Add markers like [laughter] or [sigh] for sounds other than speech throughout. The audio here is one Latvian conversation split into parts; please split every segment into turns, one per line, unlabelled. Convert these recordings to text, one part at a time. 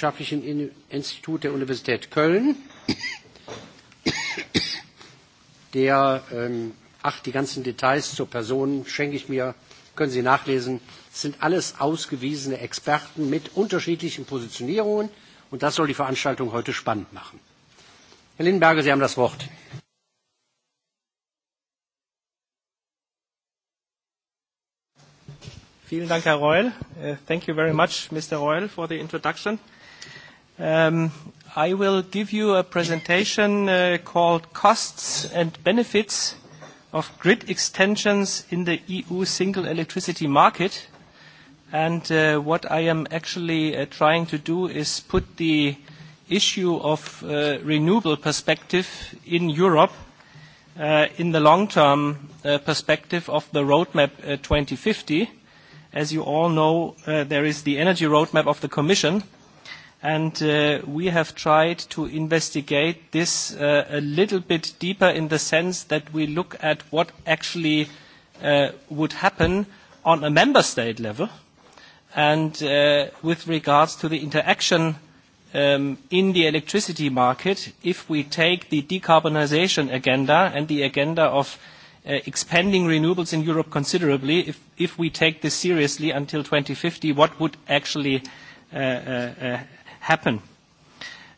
Wissenschaftlichen Institut der Universität Köln, der, ähm, ach, die ganzen Details zur Person schenke ich mir, können Sie nachlesen. Es sind alles ausgewiesene Experten mit unterschiedlichen Positionierungen und das soll die Veranstaltung heute spannend machen. Herr Lindenberger, Sie haben das Wort.
Vielen Dank, Herr Reul. Uh, thank you very much, Mr. Reul, for the introduction. Um, I will give you a presentation uh, called Costs and Benefits of Grid Extensions in the EU Single Electricity Market. And uh, what I am actually uh, trying to do is put the issue of uh, renewable perspective in Europe uh, in the long-term uh, perspective of the roadmap uh, 2050. As you all know, uh, there is the energy roadmap of the Commission – and uh, we have tried to investigate this uh, a little bit deeper in the sense that we look at what actually uh, would happen on a member state level and uh, with regards to the interaction um, in the electricity market if we take the decarbonization agenda and the agenda of uh, expanding renewables in Europe considerably, if, if we take this seriously until 2050, what would actually uh, uh, uh happen.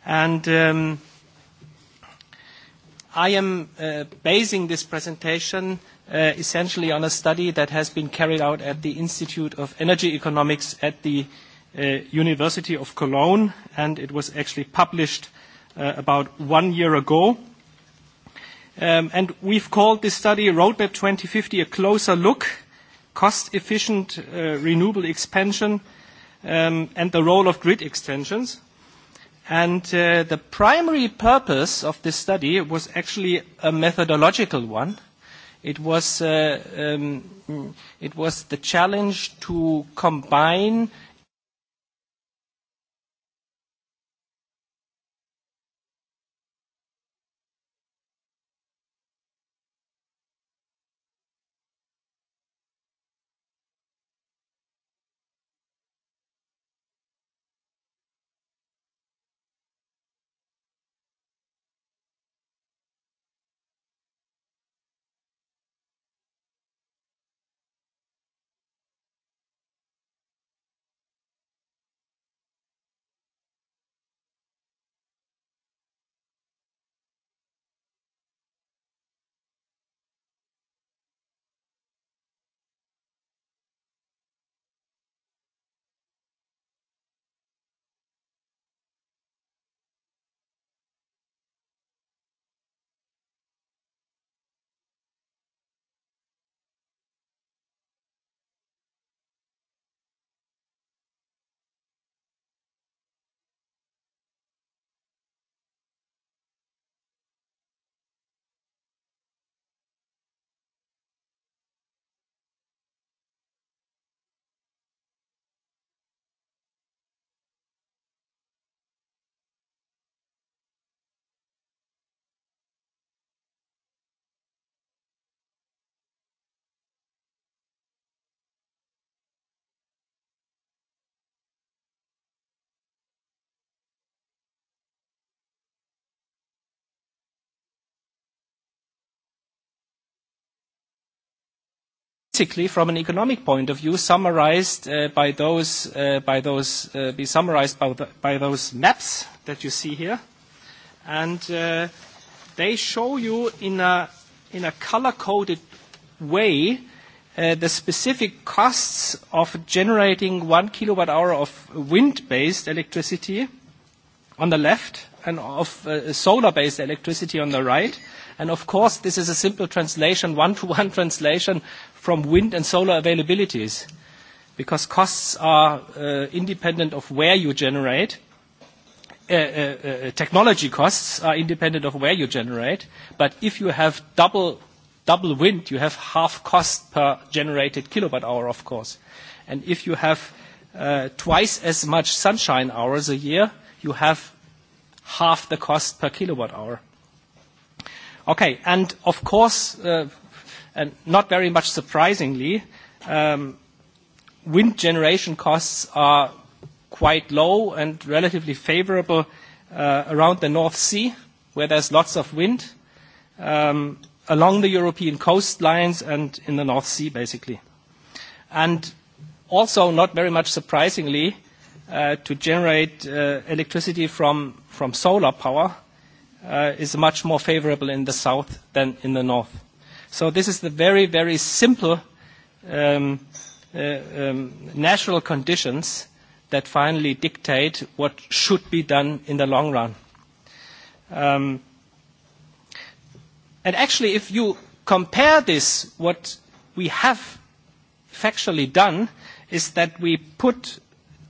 And um, I am uh, basing this presentation uh, essentially on a study that has been carried out at the Institute of Energy Economics at the uh, University of Cologne, and it was actually published uh, about one year ago. Um, and we've called this study Roadmap 2050 a closer look, cost-efficient uh, renewable expansion, uh, um, and the role of grid extensions. And uh, the primary purpose of this study was actually a methodological one. It was, uh, um, it was the challenge to combine basically from an economic point of view summarized uh, by those uh, by those uh, be summarized by, the, by those maps that you see here and uh, they show you in a in a color coded way uh, the specific costs of generating one kilowatt hour of wind-based electricity on the left and of uh, solar-based electricity on the right. And of course, this is a simple translation, one-to-one -one [laughs] translation from wind and solar availabilities because costs are uh, independent of where you generate. Uh, uh, uh, technology costs are independent of where you generate, but if you have double, double wind, you have half cost per generated kilowatt hour, of course. And if you have uh, twice as much sunshine hours a year, you have half the cost per kilowatt hour. Okay, and of course, uh, And not very much surprisingly, um, wind generation costs are quite low and relatively favorable uh, around the North Sea, where there's lots of wind, um, along the European coastlines and in the North Sea, basically. And also, not very much surprisingly, uh, to generate uh, electricity from, from solar power uh, is much more favorable in the south than in the north. So this is the very, very simple um, uh, um, natural conditions that finally dictate what should be done in the long run. Um, and actually, if you compare this, what we have factually done is that we put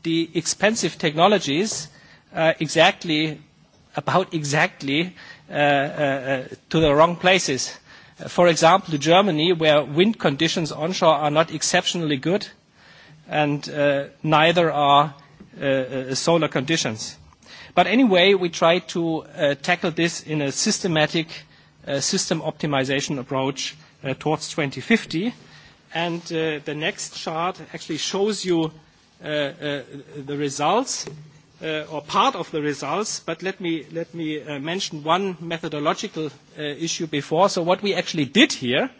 the expensive technologies uh, exactly, about exactly, uh, uh, uh to the wrong places. For example, Germany, where wind conditions onshore are not exceptionally good, and uh, neither are uh, uh, solar conditions. But anyway, we try to uh, tackle this in a systematic uh, system optimization approach uh, towards 2050. And uh, the next chart actually shows you uh, uh, the results uh, or part of the results, but let me, let me uh, mention one methodological uh, issue before. So what we actually did here,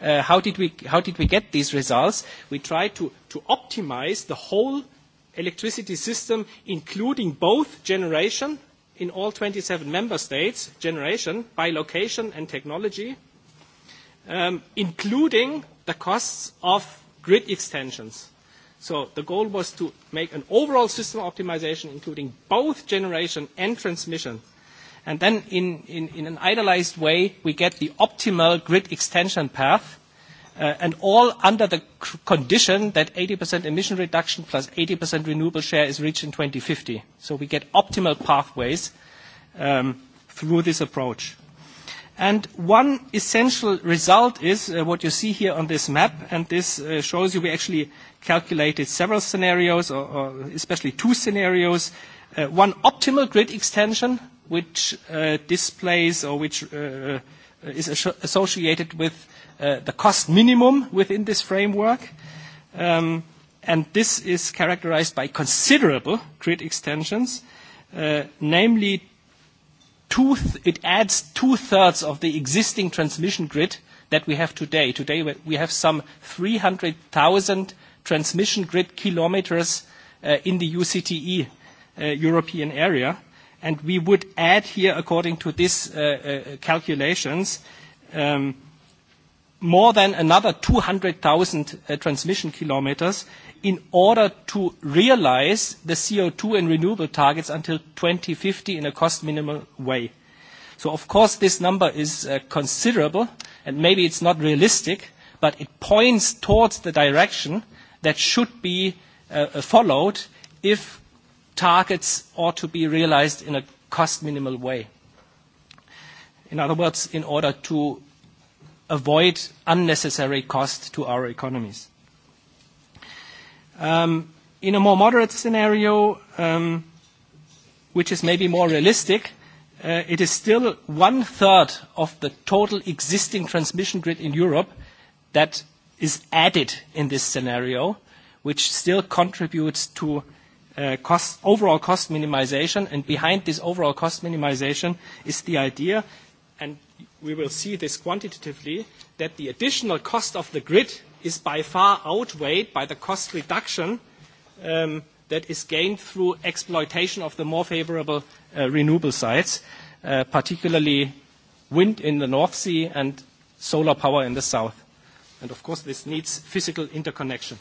uh, how, did we, how did we get these results? We tried to, to optimize the whole electricity system, including both generation in all 27 member states, generation by location and technology, um, including the costs of grid extensions. So the goal was to make an overall system optimization, including both generation and transmission. And then in, in, in an idealized way, we get the optimal grid extension path, uh, and all under the condition that 80% emission reduction plus 80% renewable share is reached in 2050. So we get optimal pathways um, through this approach. And one essential result is uh, what you see here on this map, and this uh, shows you we actually calculated several scenarios, or, or especially two scenarios. Uh, one optimal grid extension, which uh, displays or which uh, uh is associated with uh, the cost minimum within this framework. Um, and this is characterized by considerable grid extensions, uh, namely two th- it adds two-thirds of the existing transmission grid that we have today. Today we have some 300,000 transmission grid kilometers uh, in the UCTE uh, European area. And we would add here, according to these uh, uh, calculations, um, more than another 200,000 uh, transmission kilometers in order to realize the CO2 and renewable targets until 2050 in a cost minimal way. So of course, this number is uh, considerable, and maybe it's not realistic, but it points towards the direction that should be uh, uh, followed if targets ought to be realized in a cost minimal way. In other words, in order to avoid unnecessary cost to our economies. Um, in a more moderate scenario, um, which is maybe more realistic, uh, it is still one-third of the total existing transmission grid in Europe that is added in this scenario, which still contributes to uh, cost, overall cost minimization. And behind this overall cost minimization is the idea, and we will see this quantitatively, that the additional cost of the grid is by far outweighed by the cost reduction um, that is gained through exploitation of the more favorable uh, renewable sites, uh, particularly wind in the North Sea and solar power in the south. And of course, this needs physical interconnection.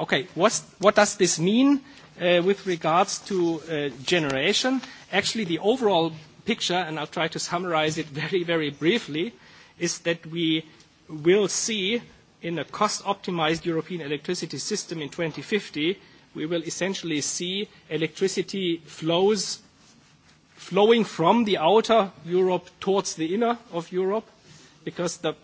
Okay, what's, what does this mean uh, with regards to uh, generation? Actually, the overall picture, and I'll try to summarize it [laughs] very, very briefly, is that we will see in a cost-optimized European electricity system in 2050, we will essentially see electricity flows flowing from the outer Europe towards the inner of Europe, because the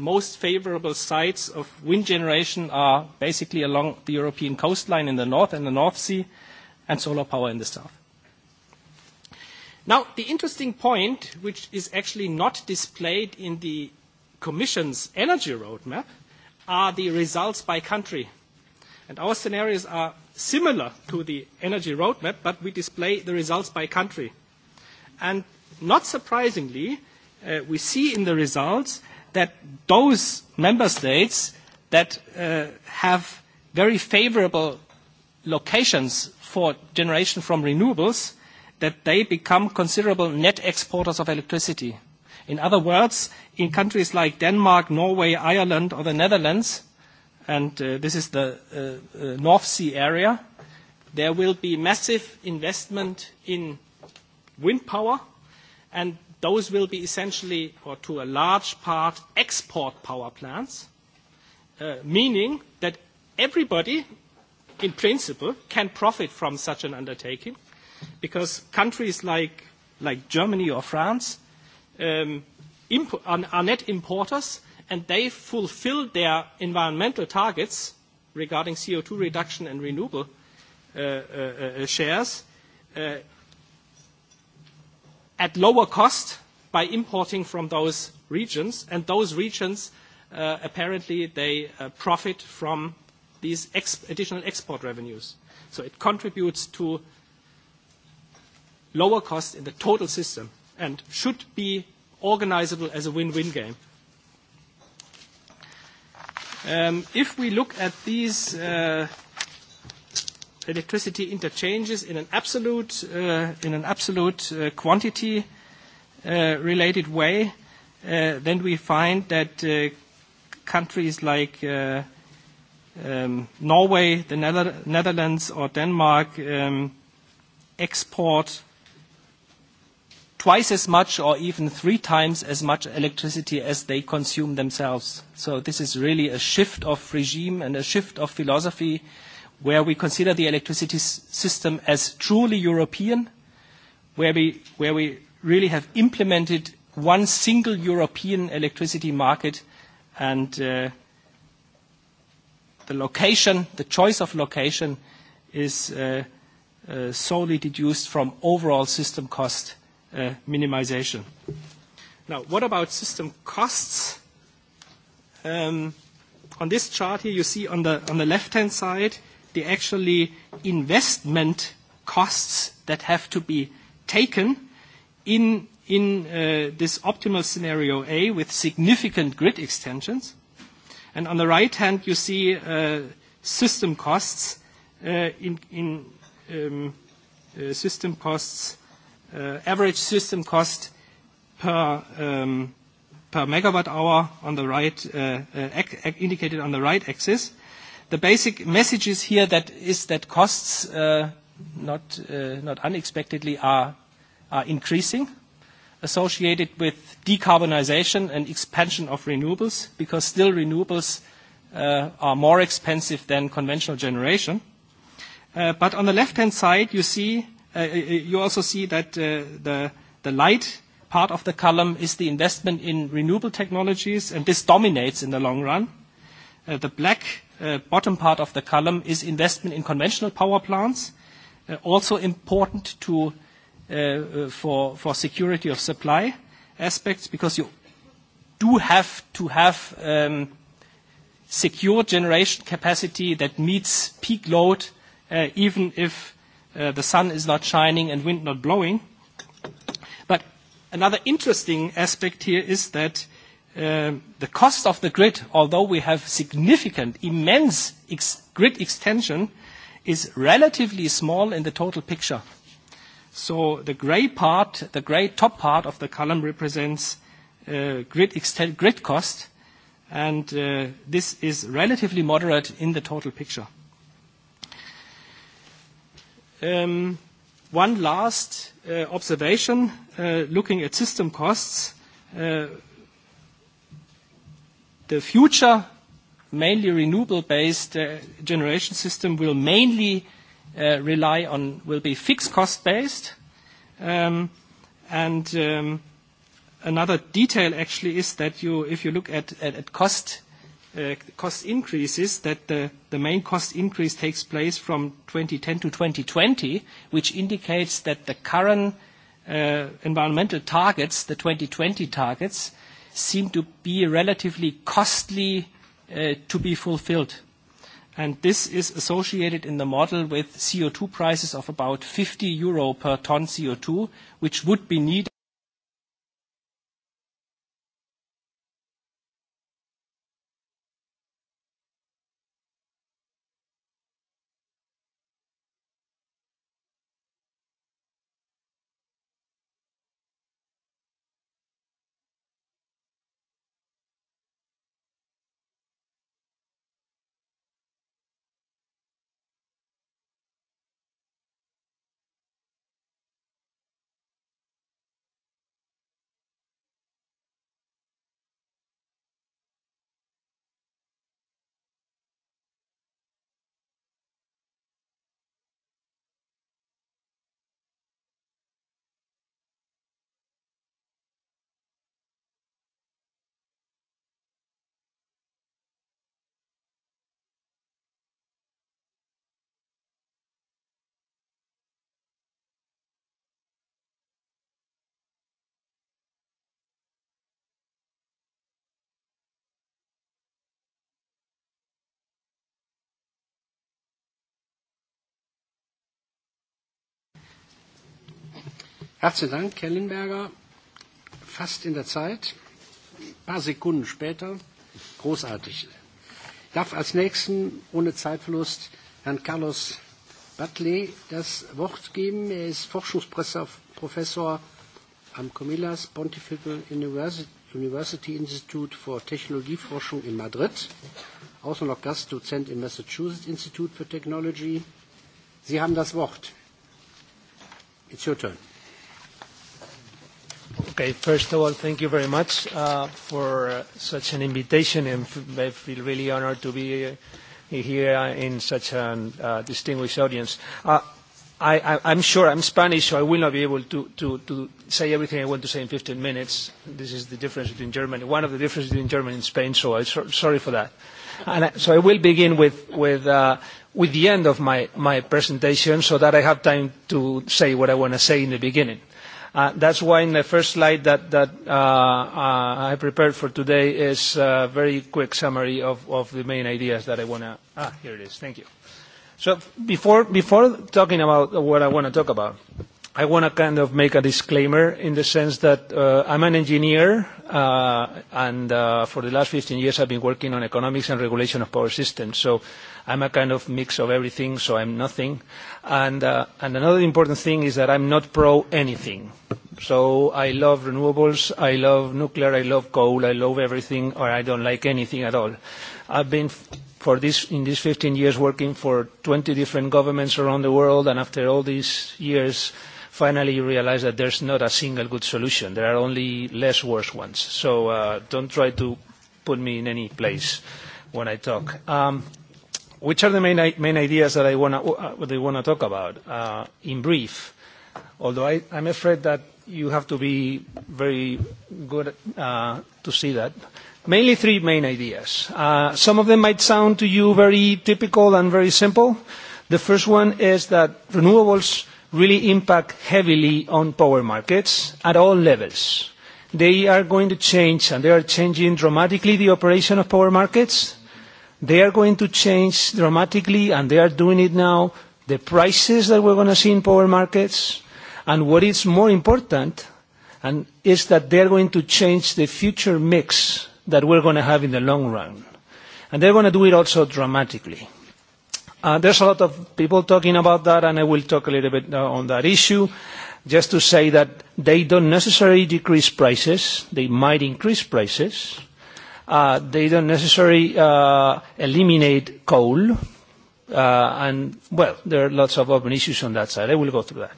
most favorable sites of wind generation are basically along the European coastline in the north and the North Sea, and solar power in the south. Now, the interesting point, which is actually not displayed in the Commission's energy roadmap, are the results by country. And our scenarios are similar to the energy roadmap, but we display the results by country. And not surprisingly, uh, we see in the results that those member states that uh, have very favorable locations for generation from renewables, that they become considerable net exporters of electricity. In other words, in countries like Denmark, Norway, Ireland, or the Netherlands, and uh, this is the uh, uh, North Sea area, there will be massive investment in wind power, and Those will be essentially, or to a large part, export power plants, uh, meaning that everybody, in principle, can profit from such an undertaking, because countries like, like Germany or France um, imp- are, are net importers, and they fulfill their environmental targets regarding CO2 reduction and renewable uh, uh, uh, shares uh, at lower cost by importing from those regions, and those regions uh, apparently they uh, profit from these ex- additional export revenues. So it contributes to lower cost in the total system and should be organizable as a win-win game. Um, if we look at these uh, electricity interchanges in an absolute, uh, in an absolute uh, quantity uh, related way, uh, then we find that uh, countries like uh, um, Norway, the Nether- Netherlands, or Denmark um, export twice as much or even three times as much electricity as they consume themselves. So this is really a shift of regime and a shift of philosophy uh, where we consider the electricity system as truly European, where we, where we really have implemented one single European electricity market and uh, the location, the choice of location is uh, uh, solely deduced from overall system cost uh, minimization. Now, what about system costs? Um, on this chart here, you see on the, on the left-hand side, uh, the actually investment costs that have to be taken in, in uh, this optimal scenario A with significant grid extensions. And on the right hand, you see uh, system costs uh, in, in um, uh, system costs, uh, average system cost per, um, per megawatt hour on the right, uh, uh, indicated on the right axis. The basic message is here that is that costs, uh, not, uh, not unexpectedly, are, are increasing associated with decarbonization and expansion of renewables, because still renewables uh, are more expensive than conventional generation. Uh, but on the left-hand side, you see, uh, uh, uh you also see that uh, the, the light part of the column is the investment in renewable technologies, and this dominates in the long run. The black uh, bottom part of the column is investment in conventional power plants, uh, also important to, uh, uh, for, for security of supply aspects, because you do have to have um, secure generation capacity that meets peak load, uh, even if uh, the sun is not shining and wind not blowing. But another interesting aspect here is that Uh, the cost of the grid, although we have significant, immense ex grid extension, is relatively small in the total picture. So the gray part, the gray top part of the column represents uh, grid, grid cost, and uh, this is relatively moderate in the total picture. Um, one last uh, observation, uh, looking at system costs. Uh, the future, mainly renewable-based uh, generation system will mainly uh, rely on, will be fixed cost based. Um, and um, another detail actually is that you, if you look at, at, at cost, uh, cost increases, that the, the main cost increase takes place from 2010 to 2020, which indicates that the current uh, environmental targets, the 2020 targets, seem to be relatively costly uh, to be fulfilled. And this is associated in the model with CO2 prices of about 50 euro per ton CO2, which would be needed
Herzlichen Dank, Herr Lindberger. Fast in der Zeit. Ein paar Sekunden später. Großartig. Ich darf als Nächsten ohne Zeitverlust Herrn Carlos Batley das Wort geben. Er ist Forschungsprofessor am Comillas Pontifical University Institute for Technologieforschung in Madrid, außer noch Gastdozent im Massachusetts Institute for Technology. Sie haben das Wort. It's your turn. Okay, first of all, thank you very much
uh, for uh, such an invitation, and I feel really honored to be uh, here uh, in such a uh, distinguished audience. Uh, I, I, I'm sure I'm Spanish, so I will not be able to, to, to say everything I want to say in 15 minutes. This is the difference between Germany, one of the differences between Germany and Spain, so I'm so, sorry for that. And I, so I will begin with, with, uh, with the end of my, my presentation so that I have time to say what I want to say in the beginning. Uh, that's why in the first slide that, that uh, uh, I prepared for today is a uh, very quick summary of, of the main ideas that I want to. Ah, here it is. Thank you. So before, before talking about what I want to talk about, I want to kind of make a disclaimer in the sense that uh, I'm an engineer, uh, and uh, for the last 15 years I've been working on economics and regulation of power systems. So I'm a kind of mix of everything, so I'm nothing. And, uh, and another important thing is that I'm not pro anything. So I love renewables, I love nuclear, I love coal, I love everything, or I don't like anything at all. I've been for this in these 15 years working for 20 different governments around the world, and after all these years finally you realize that there's not a single good solution. There are only less worse ones. So uh, don't try to put me in any place when I talk. Um, which are the main, main ideas that I want to uh, talk about? Uh, in brief, although I, I'm afraid that you have to be very good uh, to see that. Mainly three main ideas. Uh, some of them might sound to you very typical and very simple. The first one is that renewables really impact heavily on power markets at all levels. They are going to change, and they are changing dramatically the operation of power markets. They are going to change dramatically, and they are doing it now, the prices that we're going to see in power markets. And what is more important and is that they're going to change the future mix that we're going to have in the long run. And they're going to do it also dramatically. Uh, there's a lot of people talking about that, and I will talk a little bit uh, on that issue. Just to say that they don't necessarily decrease prices, they might increase prices. Uh, they don't necessarily uh, eliminate coal. Uh, and, well, there are lots of open issues on that side. I will go through that.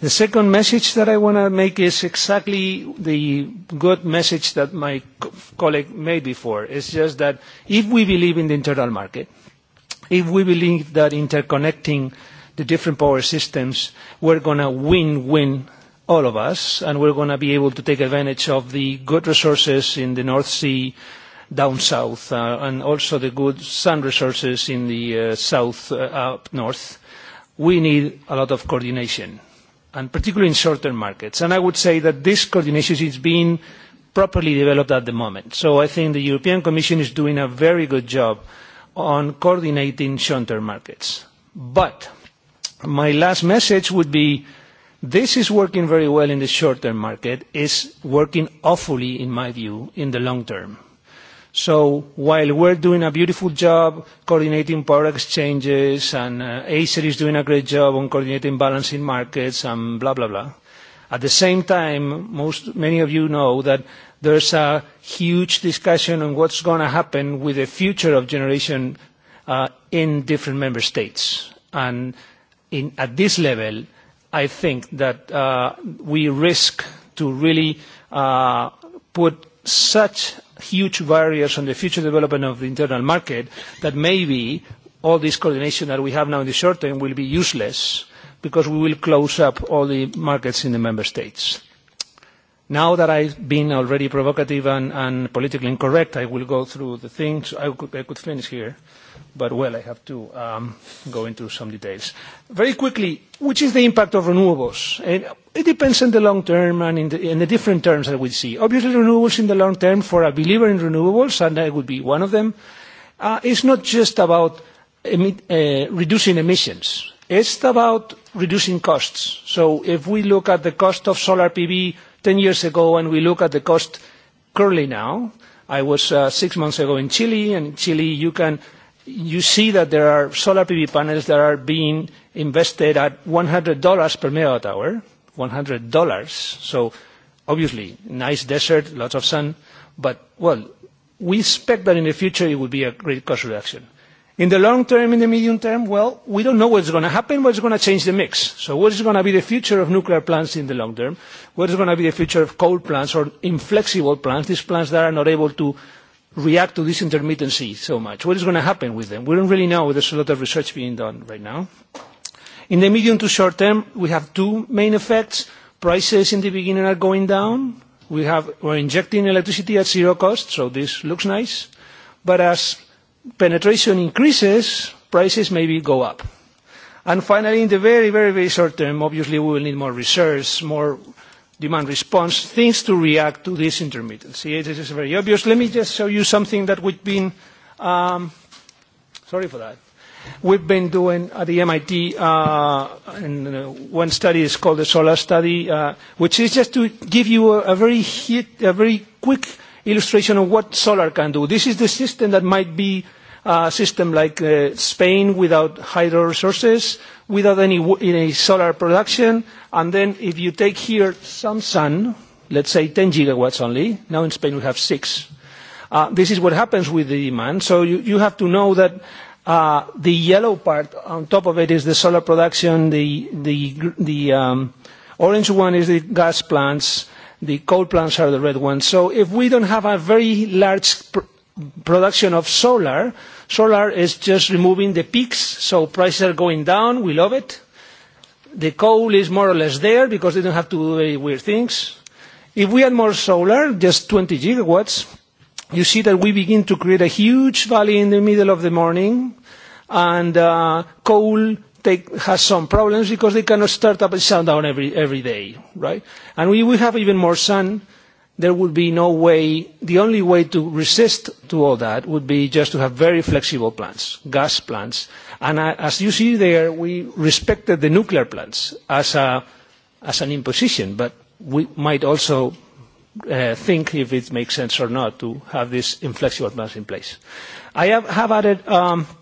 The second message that I want to make is exactly the good message that my co colleague made before. It's just that if we believe in the internal market – if we believe that interconnecting the different power systems, we're going to win-win all of us, and we're going to be able to take advantage of the good resources in the North Sea down south, uh, and also the good sun resources in the uh, south uh, up north. We need a lot of coordination, and particularly in short-term markets. And I would say that this coordination is being properly developed at the moment. So I think the European Commission is doing a very good job uh, on coordinating shunter markets. But my last message would be this is working very well in the short-term market, is working awfully, in my view, in the long term. So while we're doing a beautiful job coordinating power exchanges and uh, Acer is doing a great job on coordinating balancing markets and blah, blah, blah, at the same time, most, many of you know that There's a huge discussion on what's going to happen with the future of generation uh, in different member states. And in, at this level, I think that uh, we risk to really uh, put such huge barriers on the future development of the internal market that maybe all this coordination that we have now in the short term will be useless because we will close up all the markets in the member states. Now that I've been already provocative and, and politically incorrect, I will go through the things. I could, I could finish here, but well, I have to um, go into some details. Very quickly, which is the impact of renewables? It, it depends on the long term and in the, in the different terms that we see. Obviously, renewables in the long term, for a believer in renewables, and I would be one of them, uh, it's not just about emit, uh, reducing emissions. It's about reducing costs. So if we look at the cost of solar PV 10 years ago and we look at the cost currently now. I was uh, six months ago in Chile, and in Chile you can you see that there are solar PV panels that are being invested at $100 per megawatt hour, $100. So obviously, nice desert, lots of sun, but well, we expect that in the future it will be a great cost reduction. Uh, In the long term, in the medium term, well, we don't know what's going to happen, what's going to change the mix. So what is going to be the future of nuclear plants in the long term? What is going to be the future of coal plants or inflexible plants, these plants that are not able to react to this intermittency so much? What is going to happen with them? We don't really know. There's a lot of research being done right now. In the medium to short term, we have two main effects. Prices in the beginning are going down. We have, we're injecting electricity at zero cost, so this looks nice. But as penetration increases, prices maybe go up. And finally, in the very, very, very short term, obviously we will need more research, more demand response, things to react to this intermittency. It is very obvious. Let me just show you something that we've been, um, sorry for that, we've been doing at the MIT. Uh, and, uh, one study is called the SOLAR study, uh, which is just to give you a, a, very, hit, a very quick illustration of what solar can do. This is the system that might be a system like uh, Spain without hydro resources, without any, any solar production. And then if you take here some sun, let's say 10 gigawatts only, now in Spain we have six. Uh, this is what happens with the demand. So you, you have to know that uh, the yellow part on top of it is the solar production, the, the, the um, orange one is the gas plants, uh, The coal plants are the red ones. So if we don't have a very large pr production of solar, solar is just removing the peaks, so prices are going down. We love it. The coal is more or less there because they don't have to do very weird things. If we add more solar, just 20 gigawatts, you see that we begin to create a huge valley in the middle of the morning, and uh, coal take, has some problems because they cannot start up and shut down every, every day, right? And we, we have even more sun, there would be no way, the only way to resist to all that would be just to have very flexible plants, gas plants. And uh, as you see there, we respected the nuclear plants as, a, as an imposition, but we might also uh, think if it makes sense or not to have these inflexible plants in place. I have, have added um, –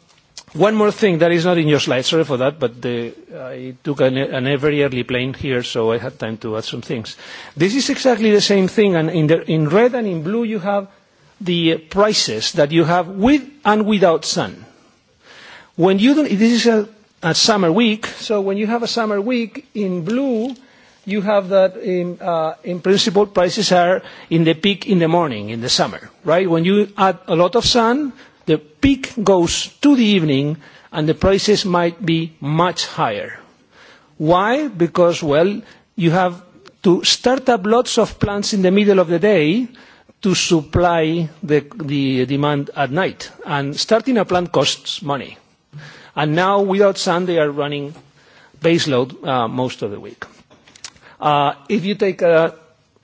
One more thing that is not in your slide, sorry for that, but the, I took an, an very early plane here, so I had time to add some things. This is exactly the same thing, and in, the, in red and in blue you have the prices that you have with and without sun. When you don't, this is a, a summer week, so when you have a summer week, in blue you have that in, uh, in principle prices are in the peak in the morning, in the summer, right? When you add a lot of sun, the peak goes to the evening and the prices might be much higher. Why? Because, well, you have to start up lots of plants in the middle of the day to supply the, the demand at night. And starting a plant costs money. And now, without sun, they are running baseload uh, most of the week. Uh, if you take a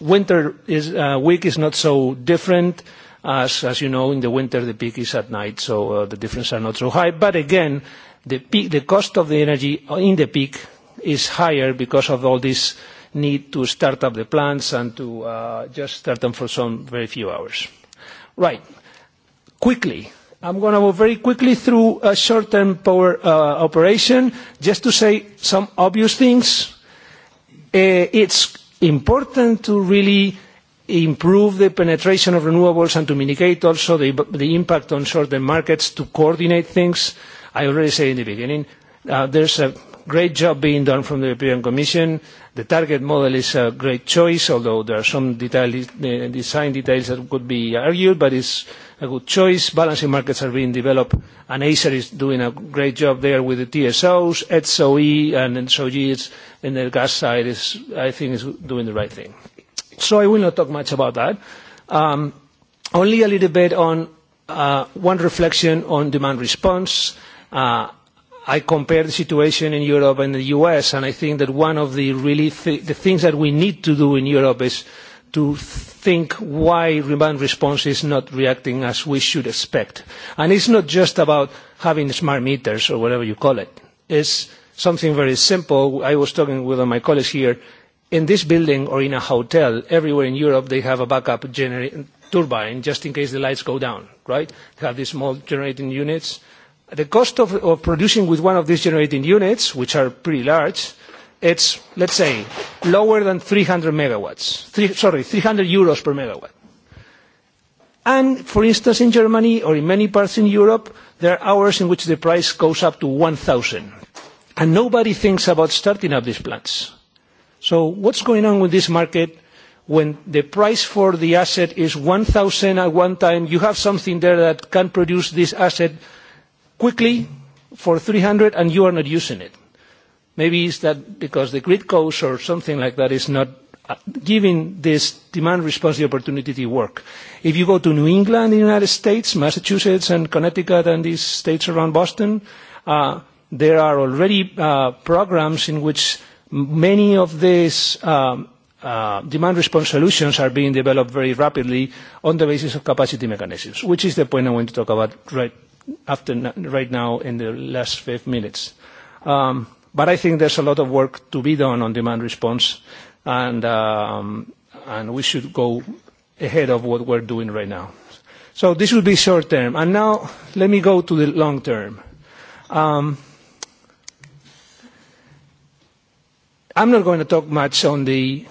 winter is, uh, week is not so different. Uh, as, as you know, in the winter the peak is at night, so uh, the difference are not so high. But again, the, peak, the cost of the energy in the peak is higher because of all this need to start up the plants and to uh, just start them for some very few hours. Right. Quickly, I'm going to go very quickly through a short-term power uh, operation just to say some obvious things. Uh, it's important to really improve the penetration of renewables and to mitigate also the, the impact on certain markets to coordinate things. I already said in the beginning, uh, there's a great job being done from the European Commission. The target model is a great choice, although there are some detail, uh, design details that could be argued, but it's a good choice. Balancing markets are being developed, and Acer is doing a great job there with the TSOs, ETSOE, and SOG is, in the gas side is, I think, is doing the right thing. So I will not talk much about that. Um, only a little bit on uh, one reflection on demand response. Uh, I compare the situation in Europe and the US, and I think that one of the really th- the things that we need to do in Europe is to think why demand response is not reacting as we should expect. And it's not just about having smart meters or whatever you call it. It's something very simple. I was talking with my colleagues here in this building or in a hotel, everywhere in Europe, they have a backup gener- turbine just in case the lights go down, right? They have these small generating units. The cost of, of producing with one of these generating units, which are pretty large, it's, let's say, lower than 300 megawatts. Three, sorry, 300 euros per megawatt. And for instance, in Germany or in many parts in Europe, there are hours in which the price goes up to 1,000. And nobody thinks about starting up these plants. So what's going on with this market when the price for the asset is 1,000 at one time, you have something there that can produce this asset quickly for 300, and you are not using it? Maybe it's that because the grid cost or something like that is not uh, giving this demand response the opportunity to work. If you go to New England, the United States, Massachusetts and Connecticut and these states around Boston, uh, there are already uh, programs in which Many of these um, uh, demand response solutions are being developed very rapidly on the basis of capacity mechanisms, which is the point I want to talk about right, after, right now in the last five minutes. Um, but I think there's a lot of work to be done on demand response, and, um, and we should go ahead of what we're doing right now. So this will be short term. And now let me go to the long term. Um, I'm not going to talk much on the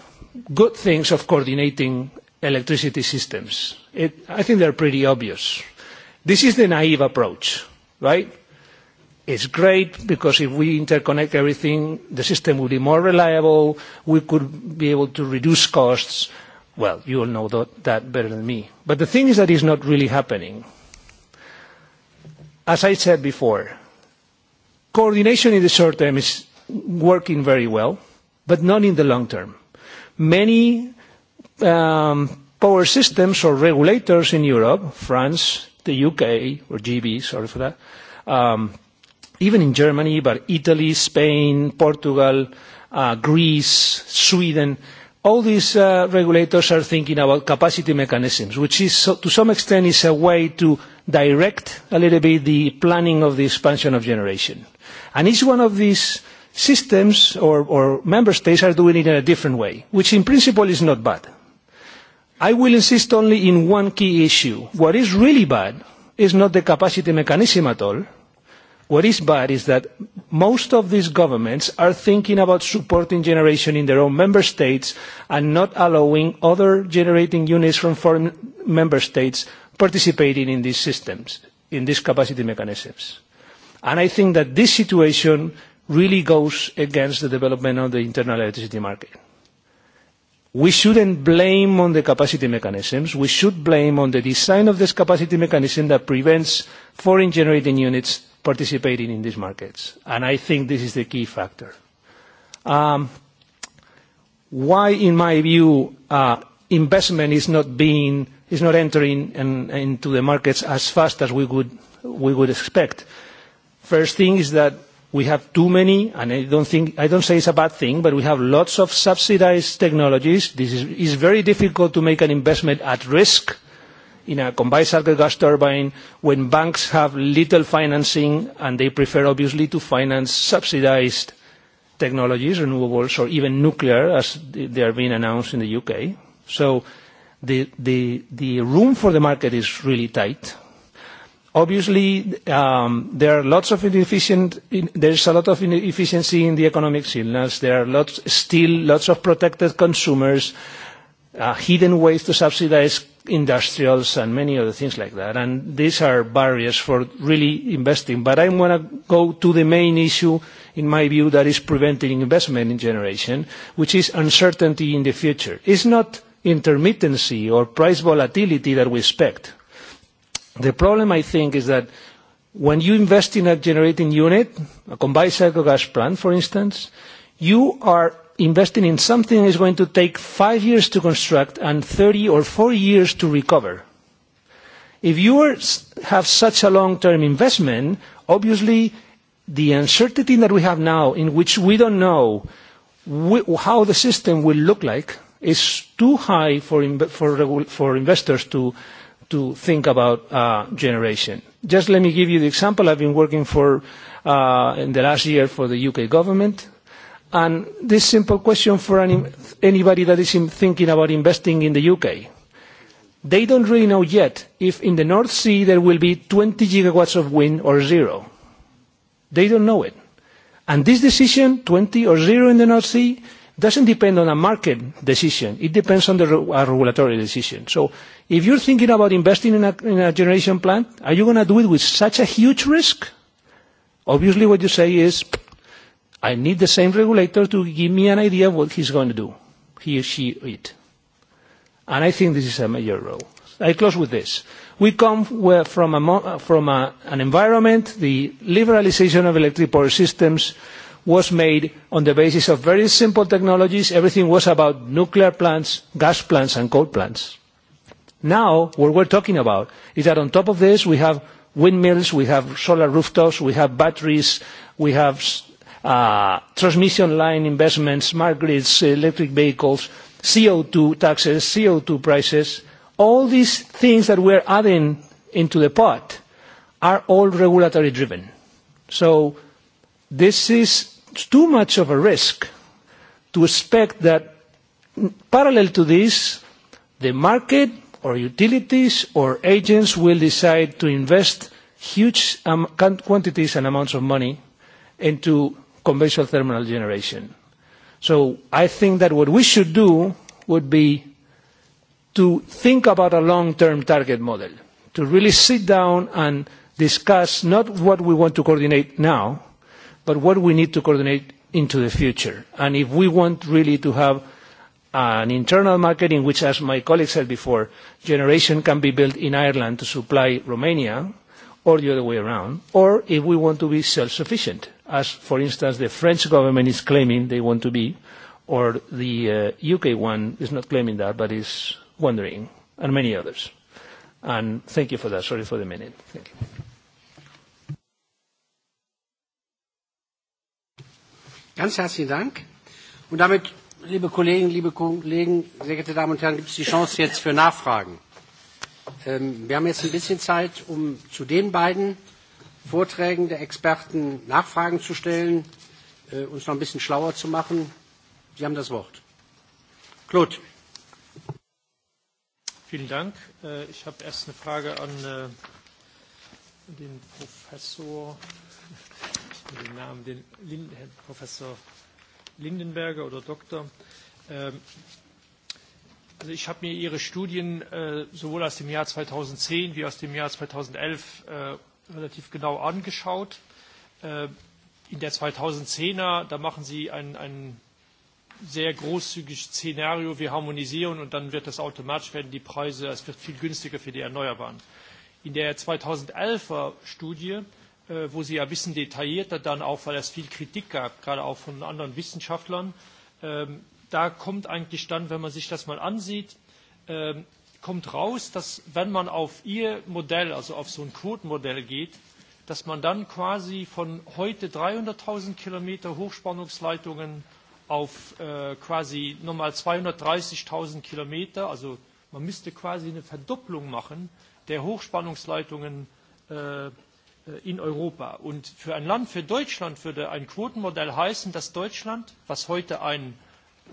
good things of coordinating electricity systems. It, I think they're pretty obvious. This is the naive approach, right? It's great because if we interconnect everything, the system will be more reliable, we could be able to reduce costs. Well, you all know that, that better than me. But the thing is that it's not really happening. As I said before, coordination in the short term is working very well but not in the long term. Many um, power systems or regulators in Europe, France, the UK, or GB, sorry for that, um, even in Germany, but Italy, Spain, Portugal, uh, Greece, Sweden, all these uh, regulators are thinking about capacity mechanisms, which is, so, to some extent, is a way to direct a little bit the planning of the expansion of generation. And each one of these uh, systems or, or member states are doing it in a different way, which in principle is not bad. I will insist only in one key issue. What is really bad is not the capacity mechanism at all. What is bad is that most of these governments are thinking about supporting generation in their own member states and not allowing other generating units from foreign member states participating in these systems, in these capacity mechanisms. And I think that this situation really goes against the development of the internal electricity market. We shouldn't blame on the capacity mechanisms. We should blame on the design of this capacity mechanism that prevents foreign generating units participating in these markets. And I think this is the key factor. Um, why, in my view, uh, investment is not being is not entering in, into the markets as fast as we would we would expect. First thing is that we have too many, and I don't think I don't say it's a bad thing, but we have lots of subsidized technologies. This is it's very difficult to make an investment at risk in a combined cycle gas turbine when banks have little financing and they prefer obviously to finance subsidized technologies, renewables, or even nuclear as they are being announced in the UK. So the, the, the room for the market is really tight Obviously, um, there are lots of inefficient. In, there's a lot of inefficiency in the economic signals. There are lots, still lots of protected consumers, uh, hidden ways to subsidize industrials and many other things like that. And these are barriers for really investing. But I'm gonna go to the main issue, in my view, that is preventing investment in generation, which is uncertainty in the future. It's not intermittency or price volatility that we expect The problem, I think, is that when you invest in a generating unit, a combined cycle gas plant, for instance, you are investing in something that is going to take five years to construct and 30 or 40 years to recover. If you are, have such a long-term investment, obviously the uncertainty that we have now, in which we don't know wh how the system will look like, is too high for, for, for investors to to think about uh, generation. Just let me give you the example. I've been working for uh, in the last year for the UK government, and this simple question for any, anybody that is in thinking about investing in the UK. They don't really know yet if in the North Sea there will be 20 gigawatts of wind or zero. They don't know it. And this decision, 20 or zero in the North Sea, doesn't depend on a market decision. It depends on the re a regulatory decision. So if you're thinking about investing in a, in a generation plant, are you going to do it with such a huge risk? Obviously, what you say is, I need the same regulator to give me an idea of what he's going to do, he or she it. And I think this is a major role. I close with this. We come from, a, from a, an environment, the liberalization of electric power systems, uh, was made on the basis of very simple technologies. Everything was about nuclear plants, gas plants, and coal plants. Now, what we're talking about is that on top of this, we have windmills, we have solar rooftops, we have batteries, we have uh, transmission line investments, smart grids, electric vehicles, CO2 taxes, CO2 prices. All these things that we're adding into the pot are all regulatory driven. So this is it's too much of a risk to expect that parallel to this, the market or utilities or agents will decide to invest huge um, quantities and amounts of money into conventional thermal generation. So I think that what we should do would be to think about a long-term target model, to really sit down and discuss not what we want to coordinate now, but what we need to coordinate into the future. And if we want really to have an internal market in which, as my colleague said before, generation can be built in Ireland to supply Romania, or the other way around, or if we want to be self-sufficient, as, for instance, the French government is claiming they want to be, or the uh, UK one is not claiming that, but is wondering, and many others. And thank you for that. Sorry for the minute. Thank you.
Ganz herzlichen Dank. Und damit, liebe Kollegen, liebe Kollegen, sehr geehrte Damen und Herren, gibt es die Chance jetzt für Nachfragen. Ähm, wir haben jetzt ein bisschen Zeit, um zu den beiden Vorträgen der Experten Nachfragen zu stellen, äh, uns noch ein bisschen schlauer zu machen. Sie haben das Wort. Claude.
Vielen Dank. Äh, ich habe erst eine Frage an äh, den Professor vergessen den Namen, den Lind, Herr Professor Lindenberger oder Doktor. Ähm, also ich habe mir Ihre Studien äh, sowohl aus dem Jahr 2010 wie aus dem Jahr 2011 äh, relativ genau angeschaut. Äh, in der 2010er, da machen Sie ein, ein sehr großzügiges Szenario, wir harmonisieren und dann wird das automatisch werden, die Preise, es wird viel günstiger für die Erneuerbaren. In der 2011er Studie Äh, wo Sie ja ein bisschen detaillierter dann auch, weil es viel Kritik gab, gerade auch von anderen Wissenschaftlern. Ähm, da kommt eigentlich dann, wenn man sich das mal ansieht, ähm, kommt raus, dass wenn man auf Ihr Modell, also auf so ein Quotenmodell geht, dass man dann quasi von heute 300.000 Kilometer Hochspannungsleitungen auf äh, quasi nochmal 230.000 Kilometer, also man müsste quasi eine Verdopplung machen der Hochspannungsleitungen äh, Äh, in Europa. Und für ein Land, für Deutschland würde ein Quotenmodell heißen, dass Deutschland, was heute ein,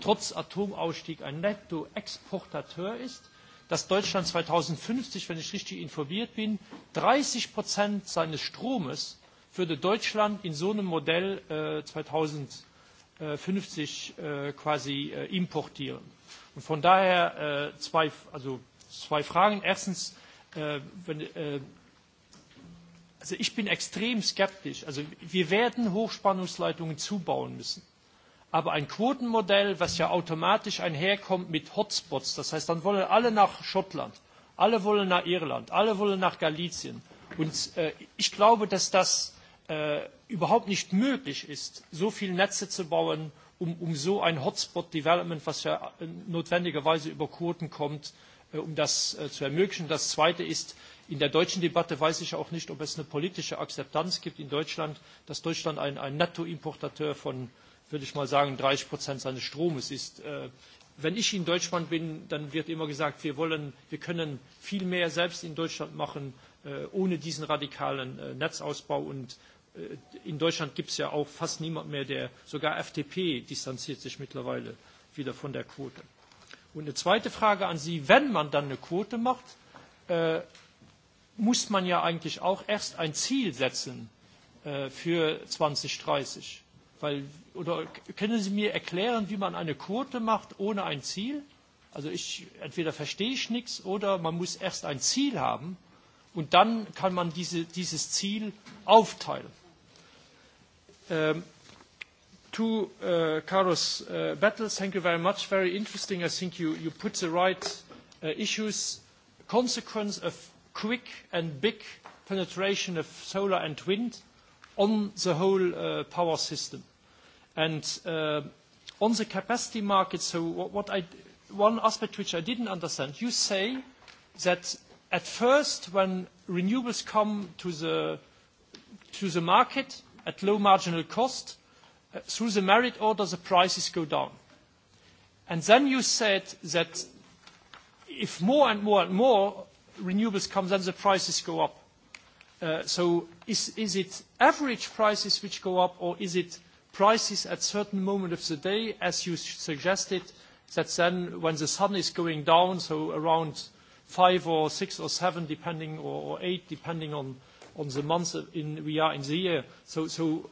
trotz Atomausstieg ein Nettoexportateur ist, dass Deutschland 2050, wenn ich richtig informiert bin, 30 Prozent seines Stromes würde Deutschland in so einem Modell äh, 2050 äh, quasi äh, importieren. Und von daher äh, zwei, also zwei Fragen. Erstens, äh, wenn, äh, Also ich bin extrem skeptisch. Also wir werden Hochspannungsleitungen zubauen müssen. Aber ein Quotenmodell, was ja automatisch einherkommt mit Hotspots, das heißt, dann wollen alle nach Schottland, alle wollen nach Irland, alle wollen nach Galizien. Und äh, ich glaube, dass das äh, überhaupt nicht möglich ist, so viele Netze zu bauen, um, um so ein Hotspot-Development, was ja äh, notwendigerweise über Quoten kommt, äh, um das äh, zu ermöglichen. Das Zweite ist, äh, In der deutschen Debatte weiß ich auch nicht, ob es eine politische Akzeptanz gibt in Deutschland, dass Deutschland ein, ein Nettoimportateur von, würde ich mal sagen, 30 Prozent seines Stromes ist. Äh, wenn ich in Deutschland bin, dann wird immer gesagt, wir, wollen, wir können viel mehr selbst in Deutschland machen, äh, ohne diesen radikalen äh, Netzausbau. Und äh, in Deutschland gibt es ja auch fast niemand mehr, der sogar FDP distanziert sich mittlerweile wieder von der Quote. Und eine zweite Frage an Sie, wenn man dann eine Quote macht, äh, muss man ja eigentlich auch erst ein Ziel setzen äh, für 2030. Weil, oder können Sie mir erklären, wie man eine Quote macht ohne ein Ziel? Also ich, entweder verstehe ich nichts oder man muss erst ein Ziel haben und dann kann man diese, dieses Ziel aufteilen. Um, to uh, Carlos uh, Battles, thank you very much. Very interesting. I think you, you put the right uh, issues. Consequence of quick and big penetration of solar and wind on the whole uh, power system. And uh, on the capacity market, so what, what I, one aspect which I didn't understand, you say that at first when renewables come to the, to the market at low marginal cost, uh, through the merit order the prices go down. And then you said that if more and more and more renewables comes as the prices go up. Uh, so is, is it average prices which go up, or is it prices at certain moment of the day, as you suggested, that then when the sun is going down, so around five or six or seven, depending, or, or eight, depending on, on the month in, we are in the year. So, so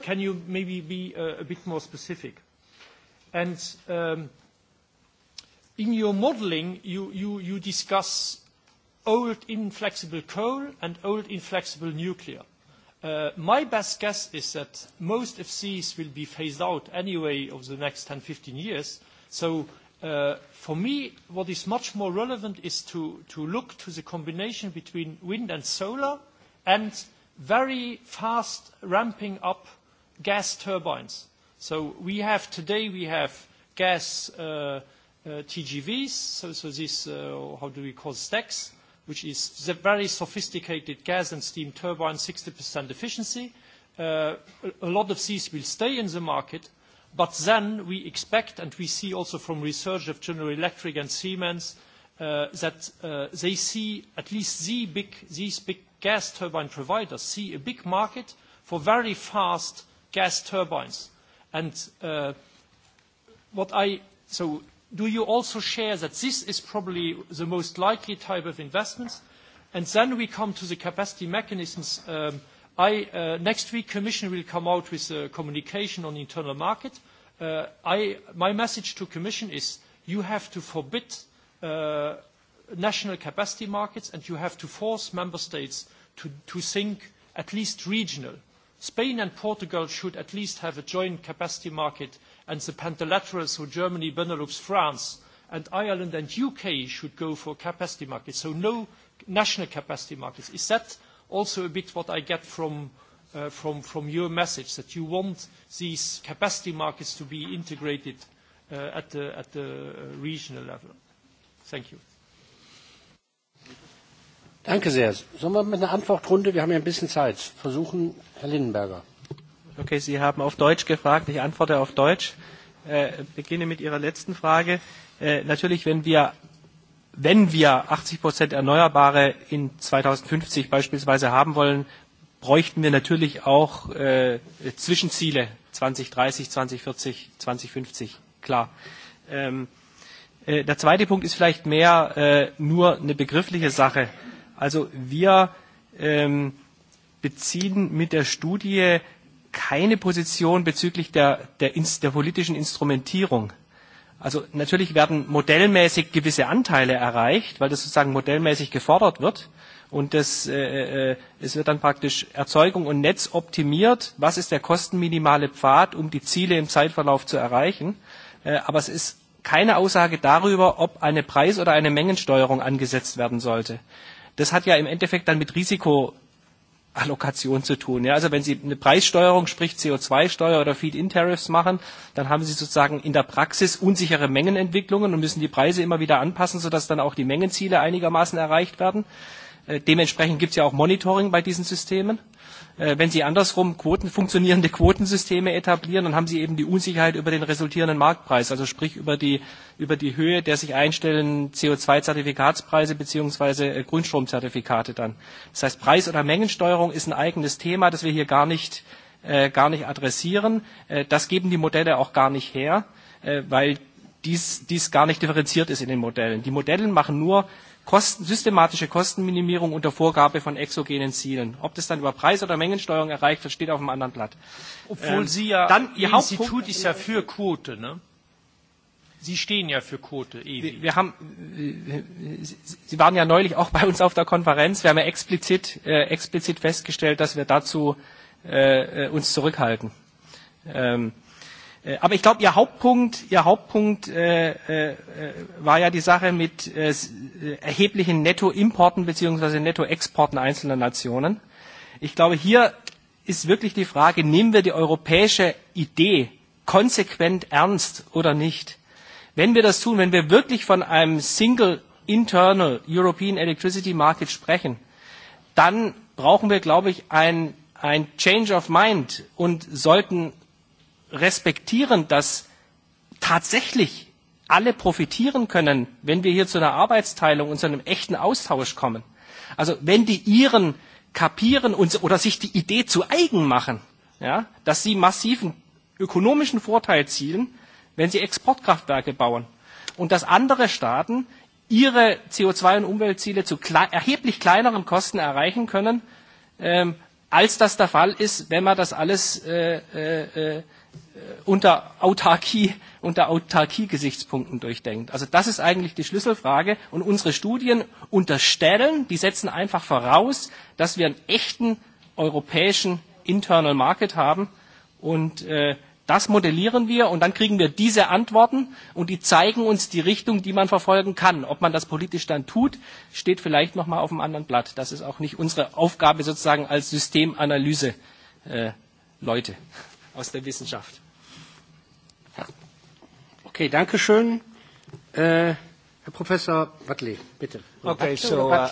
can you maybe be a, uh, a bit more specific? And um, in your modeling, you, you, you discuss old inflexible coal and old inflexible nuclear. Uh, my best guess is that most FCs will be phased out anyway over the next 10, 15 years. So uh, for me, what is much more relevant is to, to look to the combination between wind and solar and very fast ramping up gas turbines. So we have today, we have gas uh, uh, TGVs, so, so these, uh, how do we call stacks, which is a very sophisticated gas and steam turbine, 60% efficiency. Uh, a lot of these will stay in the market, but then we expect, and we see also from research of General Electric and Siemens, uh, that uh, they see at least the big, these big gas turbine providers see a big market for very fast gas turbines. And uh, what I, so do you also share that this is probably the most likely type of investments? And then we come to the capacity mechanisms. Um, I, uh, next week, Commission will come out with a communication on internal market. Uh, I, my message to Commission is you have to forbid uh, national capacity markets and you have to force member states to, to think at least regional. Spain and Portugal should at least have a joint capacity market and the pentalaterals, so Germany, Benelux, France, and Ireland and UK should go for capacity markets, so no national capacity markets. Is that also a bit what I get from, uh, from, from your message, that you want these capacity markets to be integrated uh, at the, at the uh, regional level? Thank you.
Danke sehr.
Sollen wir mit einer Antwortrunde, wir haben ja ein bisschen Zeit, versuchen, Herr Lindenberger.
Okay, Sie haben auf Deutsch gefragt. Ich antworte auf Deutsch. Äh, beginne mit Ihrer letzten Frage. Äh, natürlich, wenn wir wenn wir 80 Prozent Erneuerbare in 2050 beispielsweise haben wollen, bräuchten wir natürlich auch äh, Zwischenziele 2030, 2040, 2050, klar. Ähm, äh, der zweite Punkt ist vielleicht mehr äh, nur eine begriffliche Sache. Also wir ähm, beziehen mit der Studie keine Position bezüglich der, der, der politischen Instrumentierung. Also natürlich werden modellmäßig gewisse Anteile erreicht, weil das sozusagen modellmäßig gefordert wird. Und das, äh, äh, es wird dann praktisch Erzeugung und Netz optimiert. Was ist der kostenminimale Pfad, um die Ziele im Zeitverlauf zu erreichen? Äh, aber es ist keine Aussage darüber, ob eine Preis- oder eine Mengensteuerung angesetzt werden sollte. Das hat ja im Endeffekt dann mit Risiko Allokation zu tun. Ja, also wenn Sie eine Preissteuerung, sprich CO2-Steuer oder Feed-in-Tariffs machen, dann haben Sie sozusagen in der Praxis unsichere Mengenentwicklungen und müssen die Preise immer wieder anpassen, sodass dann auch die Mengenziele einigermaßen erreicht werden. Äh, dementsprechend gibt es ja auch Monitoring bei diesen Systemen. Äh, Äh, wenn Sie andersrum Quoten, funktionierende Quotensysteme etablieren, dann haben Sie eben die Unsicherheit über den resultierenden Marktpreis, also sprich über die, über die Höhe der sich einstellenden CO2-Zertifikatspreise bzw. Äh, Grundstromzertifikate dann. Das heißt, Preis- oder Mengensteuerung ist ein eigenes Thema, das wir hier gar nicht, äh, gar nicht adressieren. Äh, das geben die Modelle auch gar nicht her, äh, weil dies, dies gar nicht differenziert ist in den Modellen. Die Modelle machen nur Kosten, systematische Kostenminimierung unter Vorgabe von exogenen Zielen. Ob das dann über Preis- oder Mengensteuerung erreicht wird, steht auf einem anderen Blatt. Obwohl ähm, Sie ja, dann Ihr Institut Hauptpunkt, ist ja
für Quote, ne?
Sie stehen ja für Quote, Evi. Wir, wir haben, Sie waren ja neulich auch bei uns auf der Konferenz. Wir haben ja explizit, äh, explizit festgestellt, dass wir dazu äh, äh uns zurückhalten. Ähm, Äh, aber ich glaube, Ihr Hauptpunkt, Ihr Hauptpunkt äh, äh, äh, war ja die Sache mit äh, äh erheblichen Nettoimporten bzw. Nettoexporten einzelner Nationen. Ich glaube, hier ist wirklich die Frage, nehmen wir die europäische Idee konsequent ernst oder nicht? Wenn wir das tun, wenn wir wirklich von einem Single Internal European Electricity Market sprechen, dann brauchen wir, glaube ich, ein, ein Change of Mind und sollten respektieren, dass tatsächlich alle profitieren können, wenn wir hier zu einer Arbeitsteilung und zu einem echten Austausch kommen. Also wenn die Iren kapieren und, oder sich die Idee zu eigen machen, ja, dass sie massiven ökonomischen Vorteil zielen, wenn sie Exportkraftwerke bauen und dass andere Staaten ihre CO2- und Umweltziele zu kle erheblich kleineren Kosten erreichen können, ähm, als das der Fall ist, wenn man das alles äh, äh, äh Äh, unter Autarkie, unter Autarkie-Gesichtspunkten durchdenkt. Also das ist eigentlich die Schlüsselfrage. Und unsere Studien unterstellen, die setzen einfach voraus, dass wir einen echten europäischen Internal Market haben. Und äh, das modellieren wir und dann kriegen wir diese Antworten und die zeigen uns die Richtung, die man verfolgen kann. Ob man das politisch dann tut, steht vielleicht nochmal auf einem anderen Blatt. Das ist auch nicht unsere Aufgabe sozusagen als Systemanalyse-Leute. Äh, aus der Wissenschaft. Ja. Okay, danke
schön. Äh, Herr Professor Batley, bitte. Okay, Batley so uh,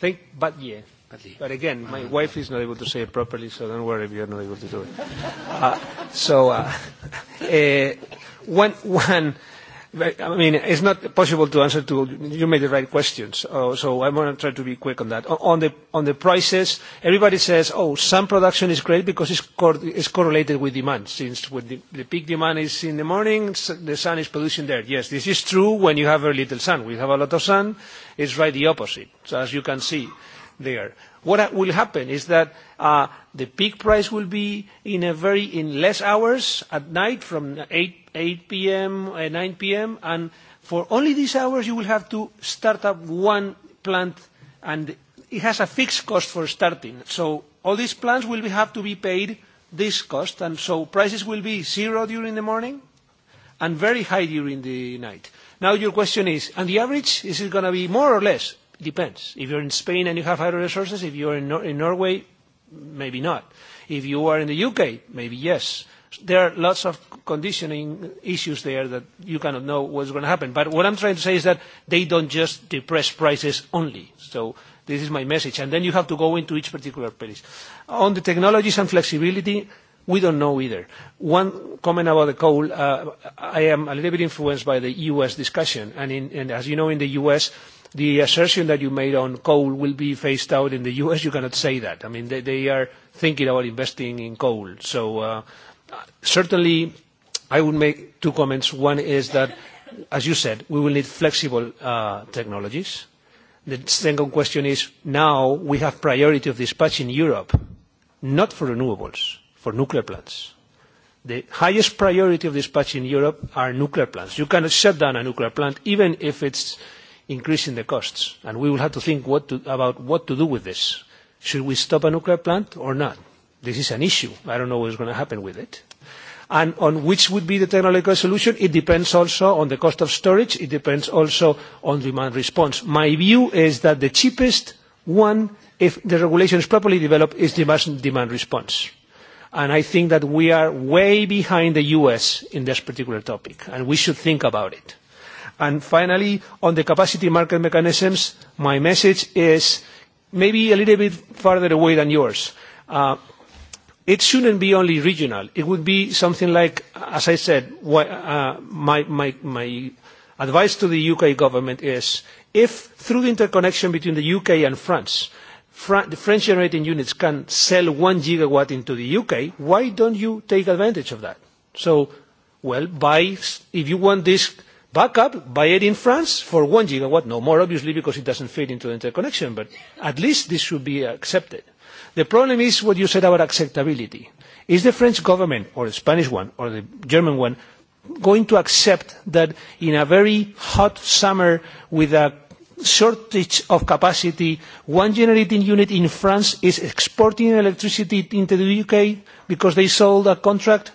think Batlier. Batley. But again, my uh, wife is not able to say it properly, so don't worry if you're not able to do it. uh, so uh, [laughs] uh, one, one I mean, it's not possible to answer to. You made the right questions, uh, so I'm gonna try to be quick on that. On the, on the prices, everybody says, "Oh, sun production is great because it's, cor it's correlated with demand." Since when the, the peak demand is in the morning, the sun is producing there. Yes, this is true when you have very little sun. We have a lot of sun, it's right the opposite, so as you can see there. What will happen is that uh, the peak price will be in a very in less hours at night from 8, 8 p.m. Uh, 9 p.m. and for only these hours you will have to start up one plant and it has a fixed cost for starting. So all these plants will be, have to be paid this cost and so prices will be zero during the morning and very high during the night. Now your question is, on the average, is it going to be more or less? depends. If you're in Spain and you have hydro resources, if you're in, Nor- in Norway, maybe not. If you are in the UK, maybe yes. There are lots of conditioning issues there that you cannot know what's going to happen. But what I'm trying to say is that they don't just depress prices only. So this is my message. And then you have to go into each particular place. On the technologies and flexibility, we don't know either. One comment about the coal, uh, I am a little bit influenced by the U.S. discussion. And, in, and as you know, in the U.S., uh, the assertion that you made on coal will be phased out in the U.S., you cannot say that. I mean, they, they are thinking about investing in coal. So uh, certainly, I would make two comments. One is that, as you said, we will need flexible uh, technologies. The second question is, now we have priority of dispatch in Europe, not for renewables, for nuclear plants. The highest priority of dispatch in Europe are nuclear plants. You cannot shut down a nuclear plant, even if it's increasing the costs. And we will have to think what to, about what to do with this. Should we stop a nuclear plant or not? This is an issue. I don't know what's going to happen with it. And on which would be the technological solution, it depends also on the cost of storage. It depends also on demand response. My view is that the cheapest one, if the regulation is properly developed, is demand, demand response. And I think that we are way behind the US in this particular topic, and we should think about it. And finally, on the capacity market mechanisms, my message is maybe a little bit farther away than yours. Uh, it shouldn't be only regional. It would be something like, as I said, wh- uh, my, my, my advice to the UK government is if through the interconnection between the UK and France, Fran- the French generating units can sell one gigawatt into the UK, why don't you take advantage of that? So, well, buy, if you want this backup by Air in France for one gigawatt, no more obviously because it doesn't fit into the interconnection, but at least this should be accepted. The problem is what you said about acceptability. Is the French government, or the Spanish one, or the German one, going to accept that in a very hot summer with a shortage of capacity, one generating unit in France is exporting electricity into the UK because they sold a contract?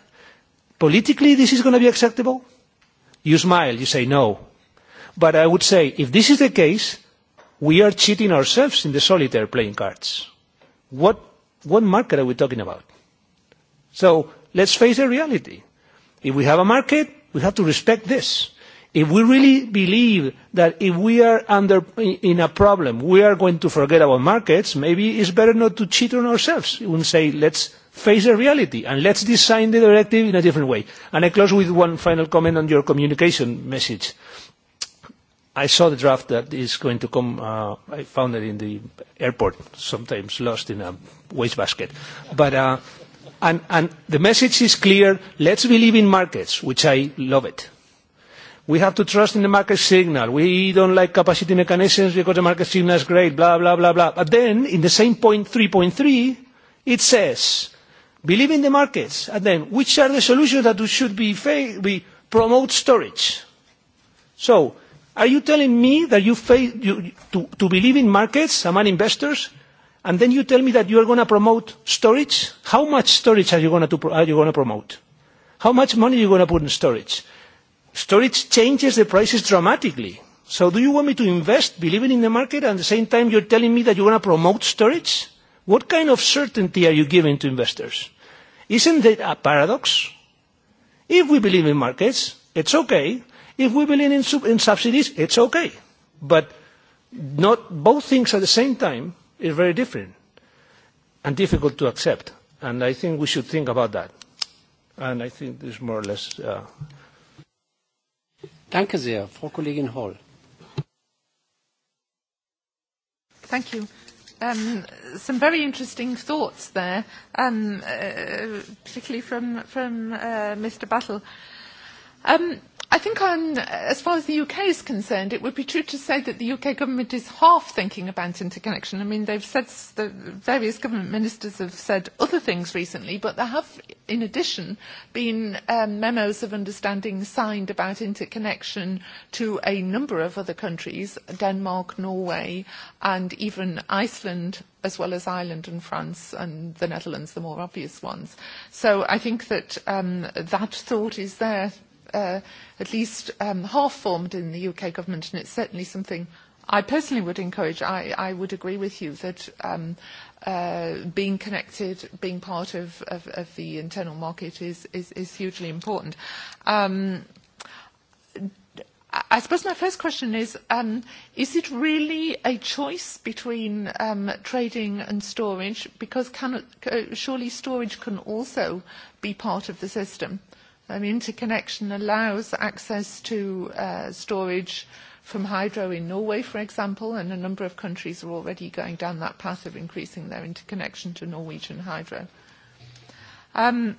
Politically, this is going to be acceptable? You smile, you say no. But I would say, if this is the case, we are cheating ourselves in the solitaire playing cards. What, what market are we talking about? So let's face the reality. If we have a market, we have to respect this. If we really believe that if we are under, in a problem, we are going to forget about markets, maybe it's better not to cheat on ourselves. We will say, let's face the reality and let's design the directive in a different way. And I close with one final comment on your communication message. I saw the draft that is going to come. Uh, I found it in the airport, sometimes lost in a wastebasket. But uh, and, and the message is clear. Let's believe in markets, which I love it. We have to trust in the market signal. We don't like capacity mechanisms because the market signal is great, blah, blah, blah, blah. But then, in the same point 3.3, it says believe in the markets, and then which are the solutions that should be, be promote storage? So, are you telling me that you, fail, you to, to believe in markets among investors, and then you tell me that you are going to promote storage? How much storage are you going to, pro are you going to promote? How much money are you going to put in storage? Storage changes the prices dramatically. So do you want me to invest, believing in the market, and at the same time you're telling me that you're going to promote storage? What kind of certainty are you giving to investors? Isn't that a paradox? If we believe in markets, it's okay. If we believe in, sub in subsidies, it's okay. But not both things at the same time is very different and difficult to accept. And I think we should think about that.
And I think this is more or less. Uh... Danke sehr, Frau Kollegin Hall.
Thank you um, some very interesting thoughts there, um, uh, particularly from, from uh, Mr. Battle. Um, I think on, uh, as far as the UK is concerned, it would be true to say that the UK government is half thinking about interconnection. I mean, they've said, the various government ministers have said other things recently, but there have, in addition, been um, memos of understanding signed about interconnection to a number of other countries, Denmark, Norway, and even Iceland, as well as Ireland and France and the Netherlands, the more obvious ones. So I think that um, that thought is there uh, at least um, half formed in the UK government, and it's certainly something I personally would encourage. I, I would agree with you that um, uh, being connected, being part of, of, of the internal market is, is, is hugely important. Um, I suppose my first question is, um, is it really a choice between um, trading and storage? Because can, uh, surely storage can also be part of the system. Uh, Um, interconnection allows access to uh, storage from hydro in Norway, for example, and a number of countries are already going down that path of increasing their interconnection to Norwegian hydro. Um,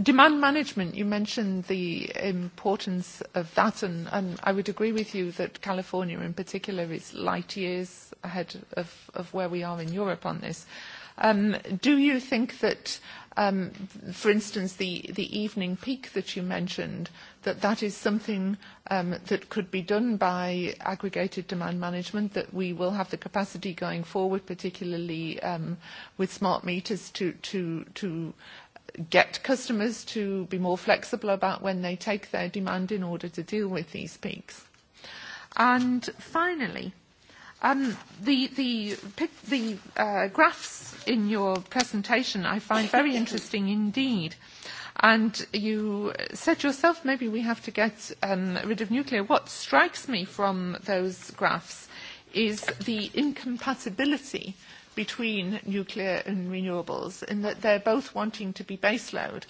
demand management, you mentioned the importance of that, and, and I would agree with you that California in particular is light years ahead of, of where we are in Europe on this. Um, do you think that um, for instance, the, the evening peak that you mentioned, that that is something um, that could be done by aggregated demand management, that we will have the capacity going forward, particularly um, with smart meters, to, to, to get customers to be more flexible about when they take their demand in order to deal with these peaks. And finally, uh, Um, the the, the uh, graphs in your presentation I find very [laughs] interesting indeed. And you said yourself maybe we have to get um, rid of nuclear. What strikes me from those graphs is the incompatibility between nuclear and renewables in that they're both wanting to be baseload.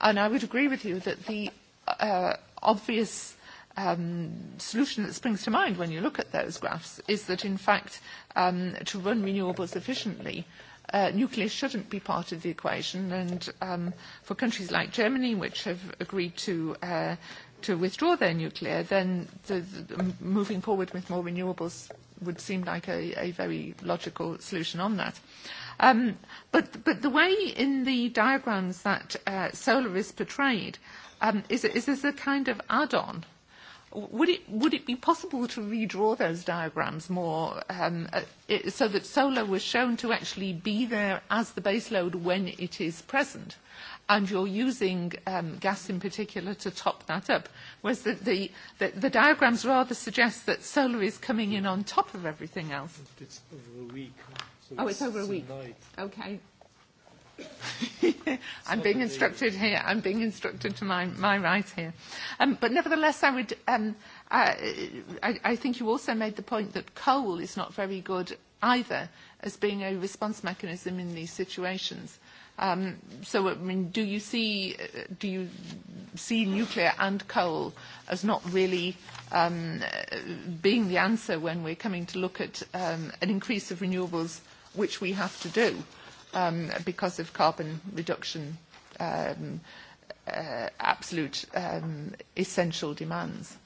And I would agree with you that the uh, obvious um, solution that springs to mind when you look at those graphs is that, in fact, um, to run renewables efficiently, uh, nuclear shouldn't be part of the equation. And um, for countries like Germany, which have agreed to uh, to withdraw their nuclear, then the, the, moving forward with more renewables would seem like a, a very logical solution on that. Um, but, but the way in the diagrams that uh, solar is portrayed um, is, is as a kind of add-on would it, would it be possible to redraw those diagrams more um, uh, it, so that solar was shown to actually be there as the baseload when it is present? And you're using um, gas in particular to top that up. Whereas the, the, the, the diagrams rather suggest that solar is coming in on top of everything else. It's over a week. So oh, it's, it's over a week. Tonight. Okay. [laughs] I'm being instructed here. I'm being instructed to my, my right here. Um, but nevertheless, I would. Um, uh, I, I think you also made the point that coal is not very good either as being a response mechanism in these situations. Um, so, I mean, do you see do you see nuclear and coal as not really um, being the answer when we're coming to look at um, an increase of renewables, which we have to do? Uh, um, because of carbon reduction um, uh, absolute um, essential demands.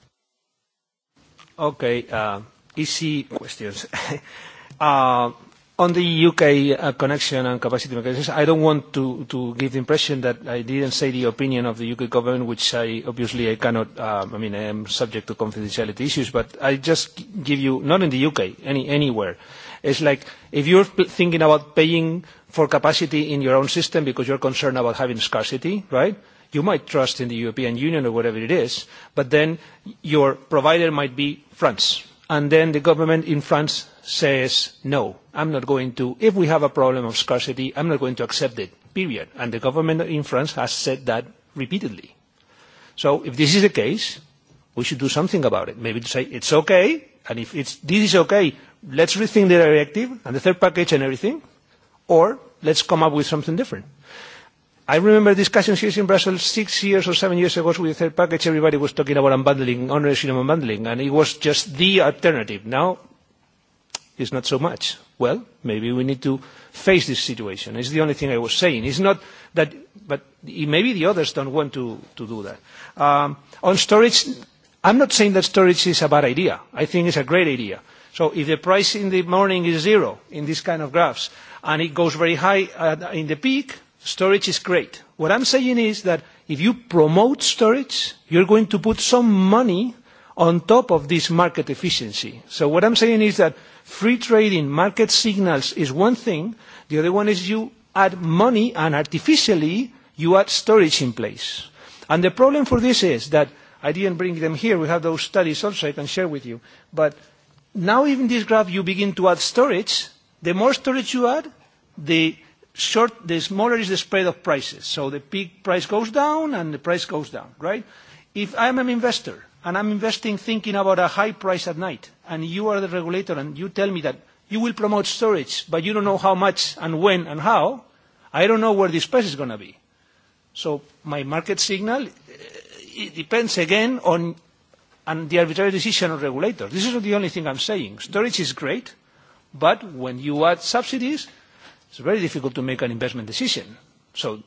Okay, uh, easy questions. [laughs] uh, on the UK uh, connection and capacity mechanisms, I don't want to, to give the impression that I didn't say the opinion of the UK government, which I obviously I cannot, um, I mean, I am subject to confidentiality issues, but I just give you, not in the UK, any, anywhere. Uh, It's like if you're thinking about paying for capacity in your own system because you're concerned about having scarcity, right? You might trust in the European Union or whatever it is, but then your provider might be France. And then the government in France says, no, I'm not going to, if we have a problem of scarcity, I'm not going to accept it, period. And the government in France has said that repeatedly. So if this is the case, we should do something about it. Maybe to say, it's okay, and if it's, this is okay, let's rethink the directive and the third package and everything, or let's come up with something different. I remember discussions here in Brussels six years or seven years ago with the third package. Everybody was talking about unbundling, ownership of unbundling, and it was just the alternative. Now, it's not so much. Well, maybe we need to face this situation. It's the only thing I was saying. It's not that, but maybe the others don't want to, to do that. Um, on storage, I'm not saying that storage is a bad idea. I think it's a great idea. Uh, So if the price in the morning is zero in this kind of graphs, and it goes very high at, in the peak, storage is great. What I'm saying is that if you promote storage, you're going to put some money on top of this market efficiency. So what I'm saying is that free trading market signals is one thing. The other one is you add money and artificially you add storage in place. And the problem for this is that I didn't bring them here. We have those studies also I can share with you. But Now even this graph you begin to add storage. The more storage you add, the short, the smaller is the spread of prices. So the peak price goes down and the price goes down, right? If I'm an investor and I'm investing thinking about a high price at night, and you are the regulator and you tell me that you will promote storage, but you don't know how much and when and how, I don't know where this price is going to be. So my market signal, eh, it depends again on and the arbitrary decision of regulators. This is not the only thing I'm saying. Storage is great, but when you add subsidies, it's very difficult to make an investment decision. So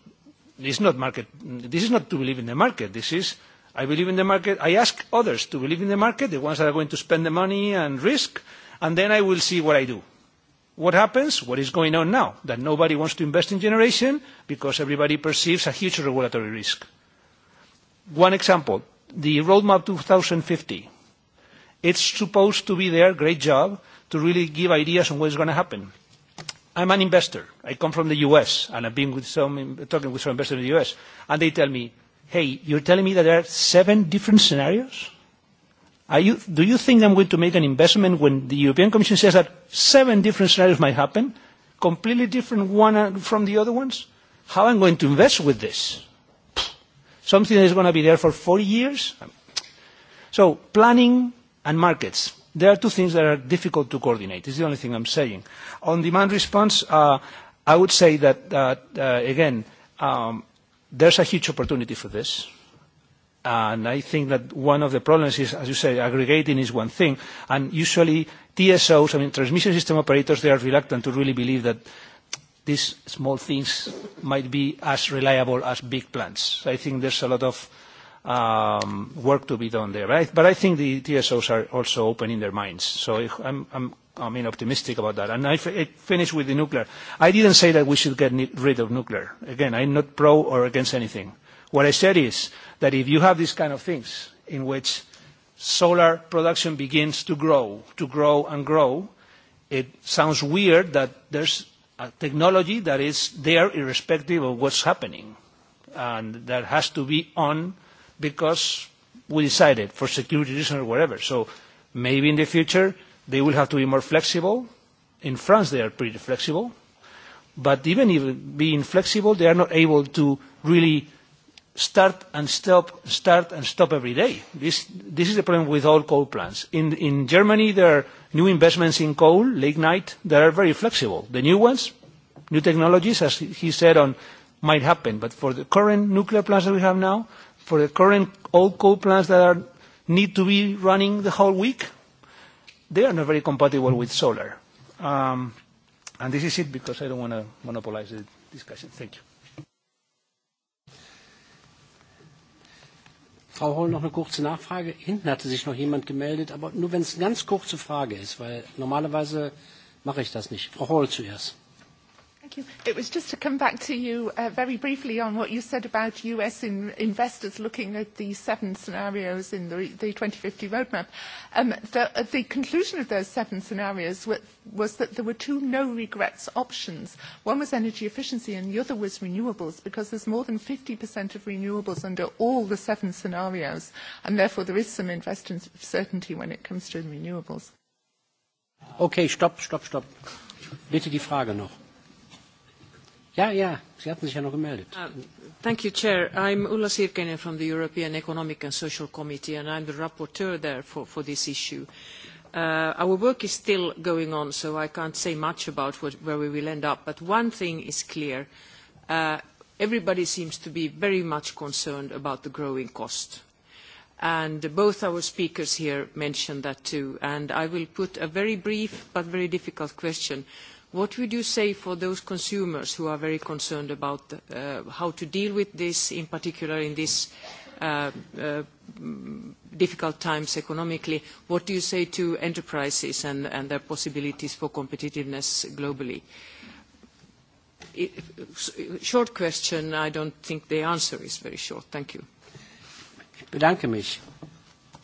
it's not market. This is not to believe in the market. This is I believe in the market. I ask others to believe in the market, the ones that are going to spend the money and risk, and then I will see what I do. What happens? What is going on now? That nobody wants to invest in generation because everybody perceives a huge regulatory risk. One example, the roadmap 2050. It's supposed to be there, great job, to really give ideas on what's going to happen. I'm an investor. I come from the U.S., and I've been with some, talking with some investors in the U.S., and they tell me, "Hey, you're telling me that there are seven different scenarios? Are you, do you think I'm going to make an investment when the European Commission says that seven different scenarios might happen, completely different one uh, from the other ones? How am I going to invest with this?" something that is going to be there for four years. So planning and markets, there are two things that are difficult to coordinate. It's the only thing I'm saying. On demand response, uh, I would say that, uh, uh, again, um, there's a huge opportunity for this. And I think that one of the problems is, as you say, aggregating is one thing. And usually TSOs, I mean, transmission system operators, they are reluctant to really believe that these small things might be as reliable as big plants. I think there's a lot of um, work to be done there. But I, but I think the TSOs are also opening their minds. So if, I'm, I'm, I mean, optimistic about that. And I, f- I finish with the nuclear. I didn't say that we should get rid of nuclear. Again, I'm not pro or against anything. What I said is that if you have these kind of things in which solar production begins to grow, to grow and grow, it sounds weird that there's a technology that is there irrespective of what's happening and that has to be on because we decided for security reasons or whatever. So maybe in the future they will have to be more flexible. In France they are pretty flexible. But even, even being flexible, they are not able to really start and stop, start and stop every day. This, this is the problem with all coal plants. In, in Germany, there are new investments in coal, lignite, that are very flexible. The new ones, new technologies, as he said, on, might happen. But for the current nuclear plants that we have now, for the current old coal plants that are, need to be running the whole week, they are not very compatible with solar. Um, and this is it because I don't want to monopolize the discussion. Thank you.
Frau Holl, noch eine kurze Nachfrage. Hinten hatte sich noch jemand gemeldet, aber nur wenn es eine ganz kurze Frage ist, weil normalerweise mache ich das nicht. Frau Holl zuerst.
Thank you. It was just to come back to you uh, very briefly on what you said about US in, investors looking at the seven scenarios in the, the 2050 roadmap. Um, the, uh, the conclusion of those seven scenarios was, was that there were two no regrets options. One was energy efficiency and the other was renewables because there's more than 50% of renewables under all the seven scenarios and therefore there is some investment certainty when it comes to renewables.
Okay, stopp, stopp, stopp. Bitte die Frage noch. Yeah, yeah. Sie hatten sich ja noch gemeldet.
Uh, thank you, Chair. I'm Ulla Sirkenen from the European Economic and Social Committee, and I'm the rapporteur there for, for this issue. Uh, our work is still going on, so I can't say much about what, where we will end up. But one thing is clear. Uh, everybody seems to be very much concerned about the growing cost. And both our speakers here mentioned that too. And I will put a very brief but very difficult question What would you say for those consumers who are very concerned about uh, how to deal with this, in particular in these uh, uh, difficult times economically? What do you say to enterprises and, and their possibilities for competitiveness globally? It, short question. I don't think the answer is very short. Thank you.
Ich bedanke mich.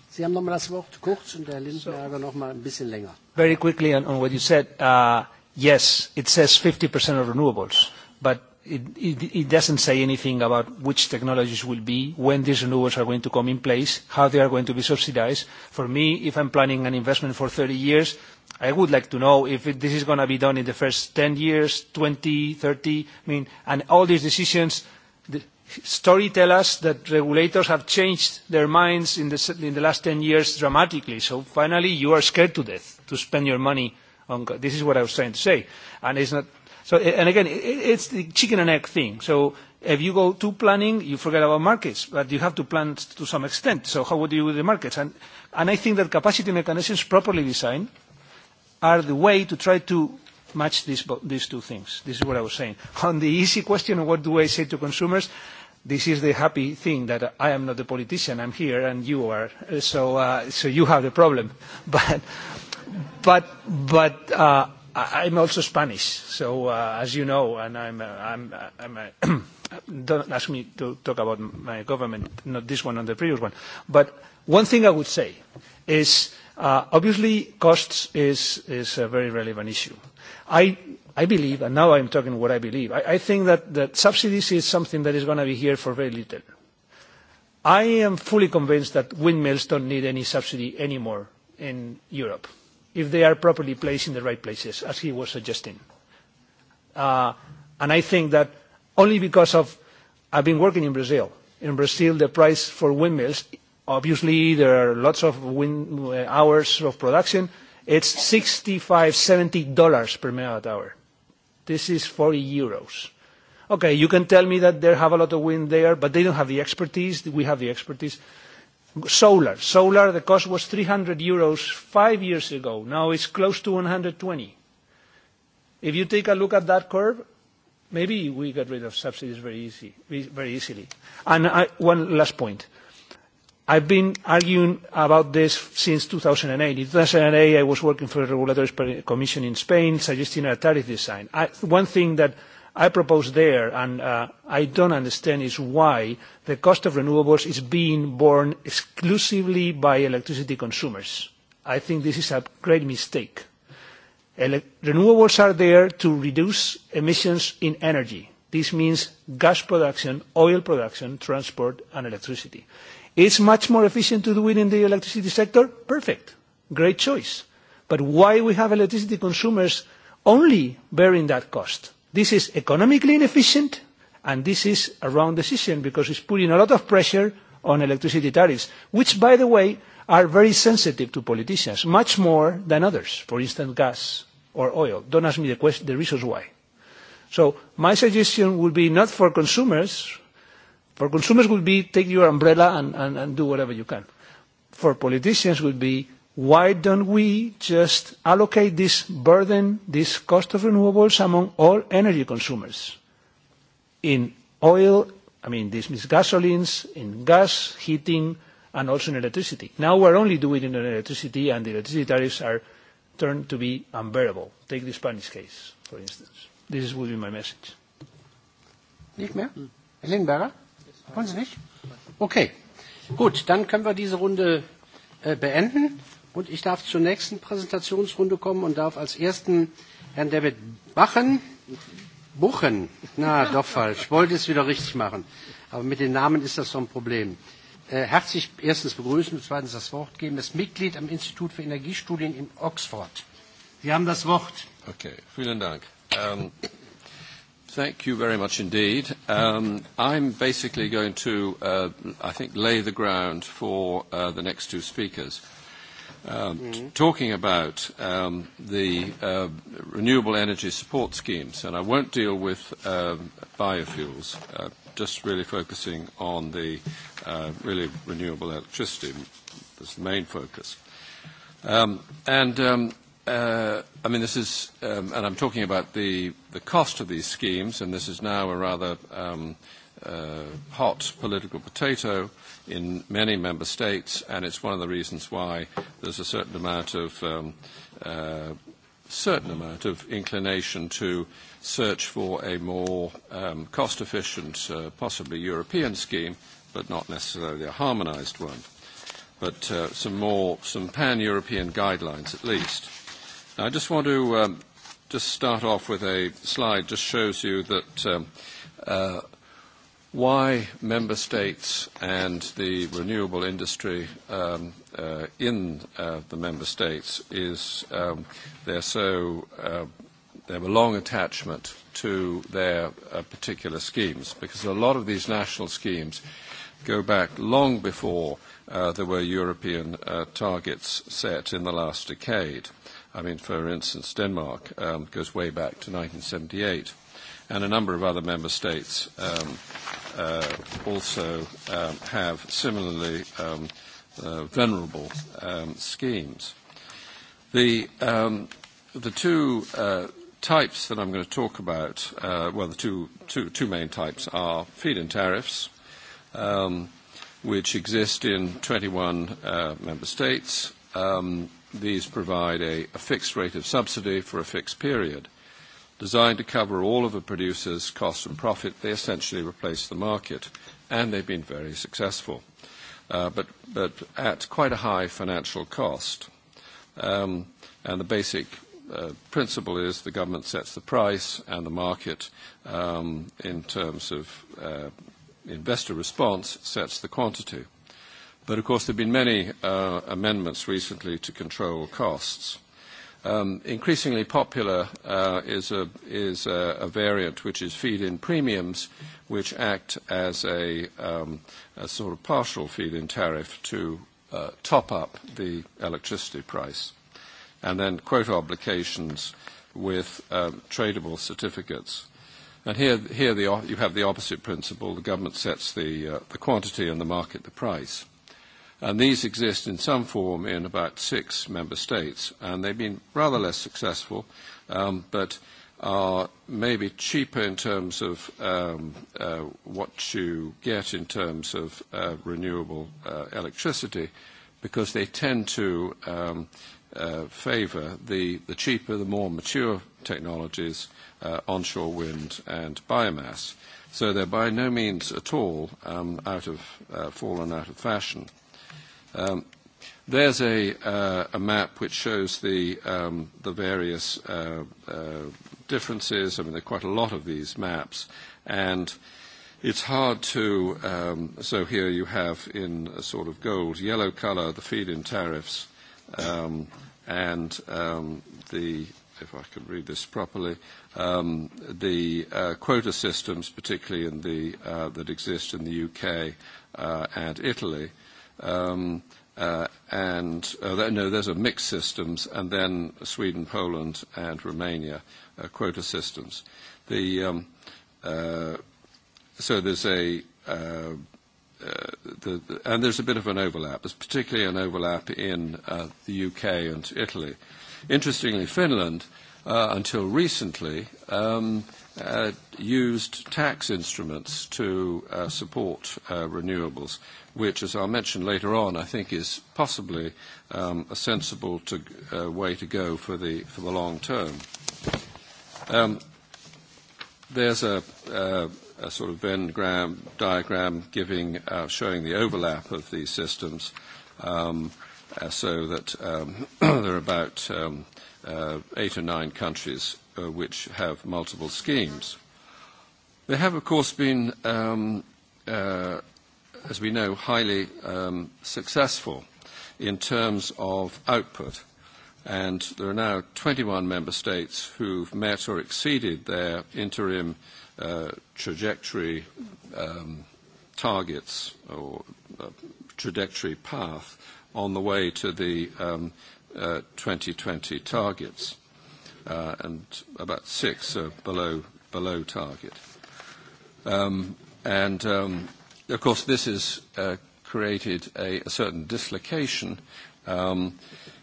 Sie haben nochmal das Wort kurz und Herr Lindner so, aber nochmal ein bisschen länger.
Very quickly on, on what you said. Uh, yes, it says 50% of renewables, but it, it, it doesn't say anything about which technologies will be, when these renewables are going to come in place, how they are going to be subsidized. For me, if I'm planning an investment for 30 years, I would like to know if it, this is going to be done in the first 10 years, 20, 30. I mean, and all these decisions, the story tell us that regulators have changed their minds in the, in the last 10 years dramatically. So finally, you are scared to death to spend your money on God. This is what I was trying to say. And it's not, so, and again, it, it's the chicken and egg thing. So if you go to planning, you forget about markets, but you have to plan to some extent. So how would you do the markets? And, and I think that capacity mechanisms properly designed are the way to try to match these, these two things. This is what I was saying. On the easy question of what do I say to consumers, this is the happy thing that I am not a politician. I'm here and you are. So, uh, so you have the problem. [laughs] But, but but uh, I'm also Spanish, so uh, as you know, and I'm uh, I'm uh, I'm. Uh, a [clears throat] don't ask me to talk about my government, not this one and the previous one. But one thing I would say is uh, obviously costs is is a very relevant issue. I I believe, and now I'm talking what I believe. I, I think that that subsidies is something that is going to be here for very little. I am fully convinced that windmills don't need any subsidy anymore in Europe if they are properly placed in the right places, as he was suggesting. Uh, and I think that only because of I've been working in Brazil. In Brazil, the price for windmills, obviously there are lots of wind uh, hours of production. It's 65, 70 dollars per megawatt hour. This is 40 euros. Okay, you can tell me that they have a lot of wind there, but they don't have the expertise. We have the expertise solar. Solar, the cost was 300 euros five years ago. Now it's close to 120. If you take a look at that curve, maybe we get rid of subsidies very, easy, e, very easily. And I, one last point. I've been arguing about this since 2008. In 2008, I was working for the Regulatory Commission in Spain, suggesting a tariff design. I, one thing that I propose there, and uh, I don't understand, is why the cost of renewables is being borne exclusively by electricity consumers. I think this is a great mistake. Ele renewables are there to reduce emissions in energy. This means gas production, oil production, transport, and electricity. It's much more efficient to do it in the electricity sector? Perfect. Great choice. But why we have electricity consumers only bearing that cost? This is economically inefficient, and this is a wrong decision because it's putting a lot of pressure on electricity tariffs, which, by the way, are very sensitive to politicians, much more than others, for instance, gas or oil. Don't ask me the, question, the reasons why. So my suggestion would be not for consumers. For consumers would be take your umbrella and, and, and do whatever you can. For politicians would be why don't we just allocate this burden, this cost of renewables among all energy consumers? In oil, I mean, this means gasolines, in gas, heating, and also in electricity. Now we're only doing it in electricity, and the electricity tariffs are turned to be unbearable. Take the Spanish case, for instance.
This would be my message. Nicht mehr? Lindberger? Wollen Sie nicht? Okay. Gut, dann können wir diese Runde äh, beenden. Und ich darf zur nächsten Präsentationsrunde kommen und darf als ersten Herrn David Bachen, Buchen, na doch falsch, ich wollte es wieder richtig machen, aber mit den Namen ist das so ein Problem. Äh, herzlich erstens begrüßen und zweitens das Wort geben. Das Mitglied am Institut für Energiestudien in Oxford. Sie haben das Wort.
Okay, vielen Dank. Um, Thank you very much indeed. Um, I'm basically going to, uh, I think, lay the ground for uh, the next two speakers. Uh, um, mm-hmm. talking about um, the uh, renewable energy support schemes, and I won't deal with um, biofuels, uh, just really focusing on the uh, really renewable electricity as the main focus. Um, and um, uh, I mean, this is, um, and I'm talking about the, the cost of these schemes, and this is now a rather um, uh, hot political potato in many member states, and it's one of the reasons why there's a certain amount of um, uh, certain amount of inclination to search for a more um, cost-efficient, uh, possibly European scheme, but not necessarily a harmonized one, but uh, some more, some pan-European guidelines at least. Now, I just want to um, just start off with a slide just shows you that um, uh, why member states and the renewable industry um, uh, in uh, the member states is um, they're so uh, they have a long attachment to their uh, particular schemes because a lot of these national schemes go back long before uh, there were European uh, targets set in the last decade. Uh, I mean, for instance, Denmark um, goes way back to 1978, and a number of other member states um, uh, also um, have similarly um, uh, venerable um, schemes. The, um, the two uh, types that I'm going to talk about, uh, well, the two, two, two main types are feed-in tariffs, um, which exist in 21 uh, member states. Um, these provide a, a fixed rate of subsidy for a fixed period. Designed to cover all of a producer's costs and profit, they essentially replace the market, and they've been very successful, uh, but, but at quite a high financial cost. Um, and the basic uh, principle is the government sets the price and the market um, in terms of uh, investor response sets the quantity. Uh, But of course, there have been many uh, amendments recently to control costs. Um, increasingly popular uh, is, a, is a, a variant which is feed-in premiums, which act as a, um, a sort of partial feed-in tariff to uh, top up the electricity price. And then quota obligations with um, tradable certificates. And here, here the, you have the opposite principle. The government sets the, uh, the quantity and the market the price. And these exist in some form in about six member states, and they've been rather less successful, um, but are maybe cheaper in terms of um, uh, what you get in terms of uh, renewable uh, electricity, because they tend to um, uh, favor the, the cheaper, the more mature technologies, uh, onshore wind and biomass. So they're by no means at all um, out of, uh, fallen out of fashion. Um, there's a, uh, a map which shows the, um, the various uh, uh, differences. I mean, there are quite a lot of these maps, and it's hard to. Um, so here you have in a sort of gold yellow colour the feed-in tariffs, um, and um, the if I can read this properly, um, the uh, quota systems, particularly in the, uh, that exist in the UK uh, and Italy, uh, Um, uh, and uh, th- no, those are mixed systems, and then Sweden, Poland, and Romania uh, quota systems. The, um, uh, so there's a uh, uh, the, the, and there's a bit of an overlap. There's particularly an overlap in uh, the UK and Italy. Interestingly, Finland, uh, until recently, um, uh, uh, used tax instruments to uh, support uh, renewables, which, as I'll mention later on, I think is possibly um, a sensible to, uh, way to go for the, for the long term. Um, there's a, uh, a sort of Venn gram, diagram giving, uh, showing the overlap of these systems um, uh, so that um, [clears throat] there are about um, uh, eight or nine countries uh, which have multiple schemes. They have, of course, been, um, uh, as we know, highly um, successful in terms of output. And there are now 21 member states who've met or exceeded their interim uh, trajectory um, targets or uh, trajectory path on the way to the um, uh, 2020 targets uh, and about six are below, below target. Um, and um, of course, this has uh, created a, a certain dislocation um,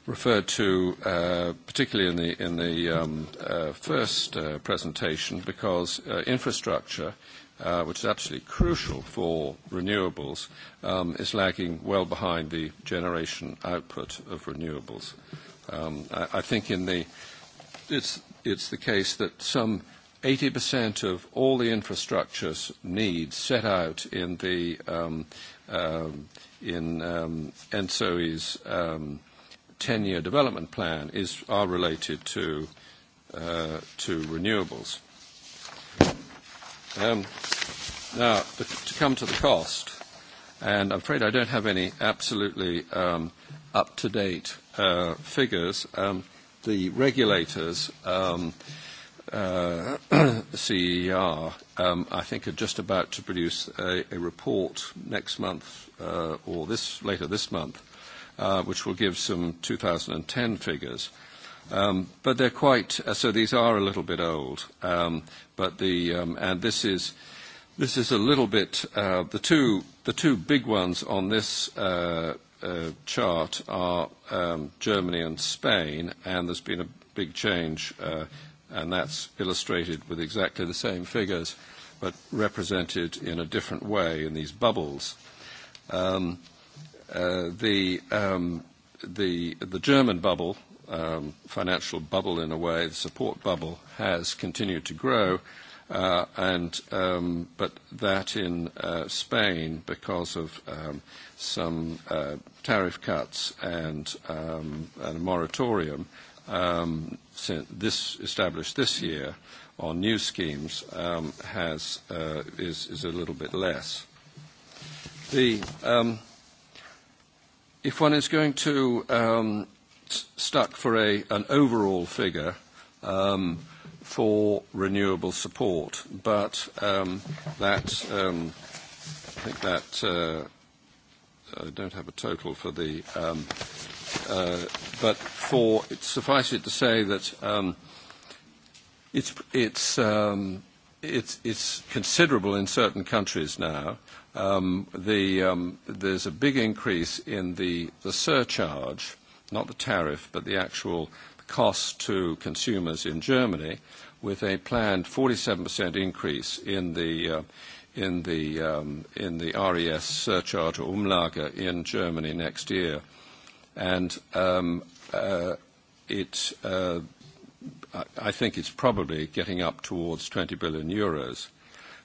referred to uh, particularly in the, in the um, uh, first uh, presentation because uh, infrastructure, uh, which is absolutely crucial for renewables, um, is lagging well behind the generation output of renewables. Um, I, I think in the it's, it's the case that some 80% of all the infrastructure needs set out in the um, um, in um, ENSOE's um, 10-year development plan is are related to uh, to renewables. Um, now, the, to come to the cost, and I'm afraid I don't have any absolutely um, up-to-date uh, figures. Um, the regulators, um, uh, CER, [clears throat] e um, I think are just about to produce a, a report next month uh, or this later this month, uh, which will give some 2010 figures. Um, but they're quite uh, so. These are a little bit old, um, but the um, and this is this is a little bit uh, the two the two big ones on this. Uh, uh, chart are um, Germany and Spain, and there's been a big change, uh, and that's illustrated with exactly the same figures, but represented in a different way in these bubbles. Um, uh, the, um, the, the German bubble, um, financial bubble in a way, the support bubble, has continued to grow. Uh, and um, but that in uh, Spain, because of um, some uh, tariff cuts and, um, and a moratorium um, this established this year on new schemes um, has, uh, is, is a little bit less. The, um, if one is going to um, stuck for a, an overall figure um, for renewable support, but um, that um, I think that uh, I don't have a total for the, um, uh, but for it, suffice it to say that um, it's it's um, it's it's considerable in certain countries now. Um, the um, there's a big increase in the the surcharge, not the tariff, but the actual cost to consumers in Germany, with a planned 47% increase in the uh, in the, um, in the RES surcharge or Umlage in Germany next year. And um, uh, it, uh, I, I think it's probably getting up towards 20 billion euros.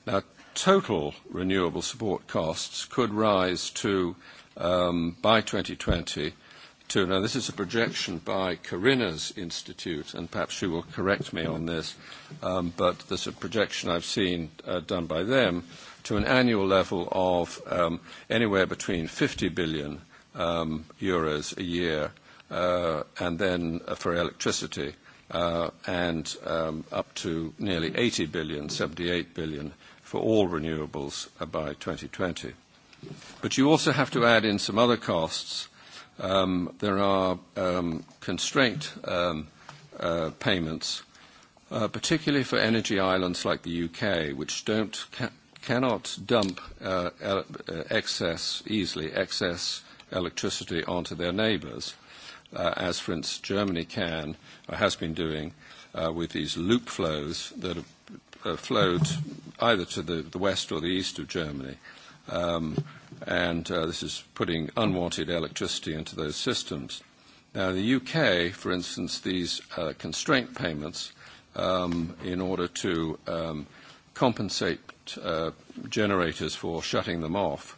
Now, total renewable support costs could rise to, um, by 2020, to, now this is a projection by Corinna's Institute, and perhaps she will correct me on this, um, but there's a projection I've seen uh, done by them to an annual level of um, anywhere between 50 billion um, euros a year, uh, and then uh, for electricity, uh, and um, up to nearly 80 billion, 78 billion for all renewables uh, by 2020. But you also have to add in some other costs um, there are um, constraint um, uh, payments, uh, particularly for energy islands like the UK, which don't ca- cannot dump uh, el- uh, excess easily excess electricity onto their neighbours, uh, as for instance Germany can or has been doing uh, with these loop flows that have uh, flowed either to the, the west or the east of Germany. Um, and uh, this is putting unwanted electricity into those systems. Now, the UK, for instance, these uh, constraint payments, um, in order to um, compensate uh, generators for shutting them off,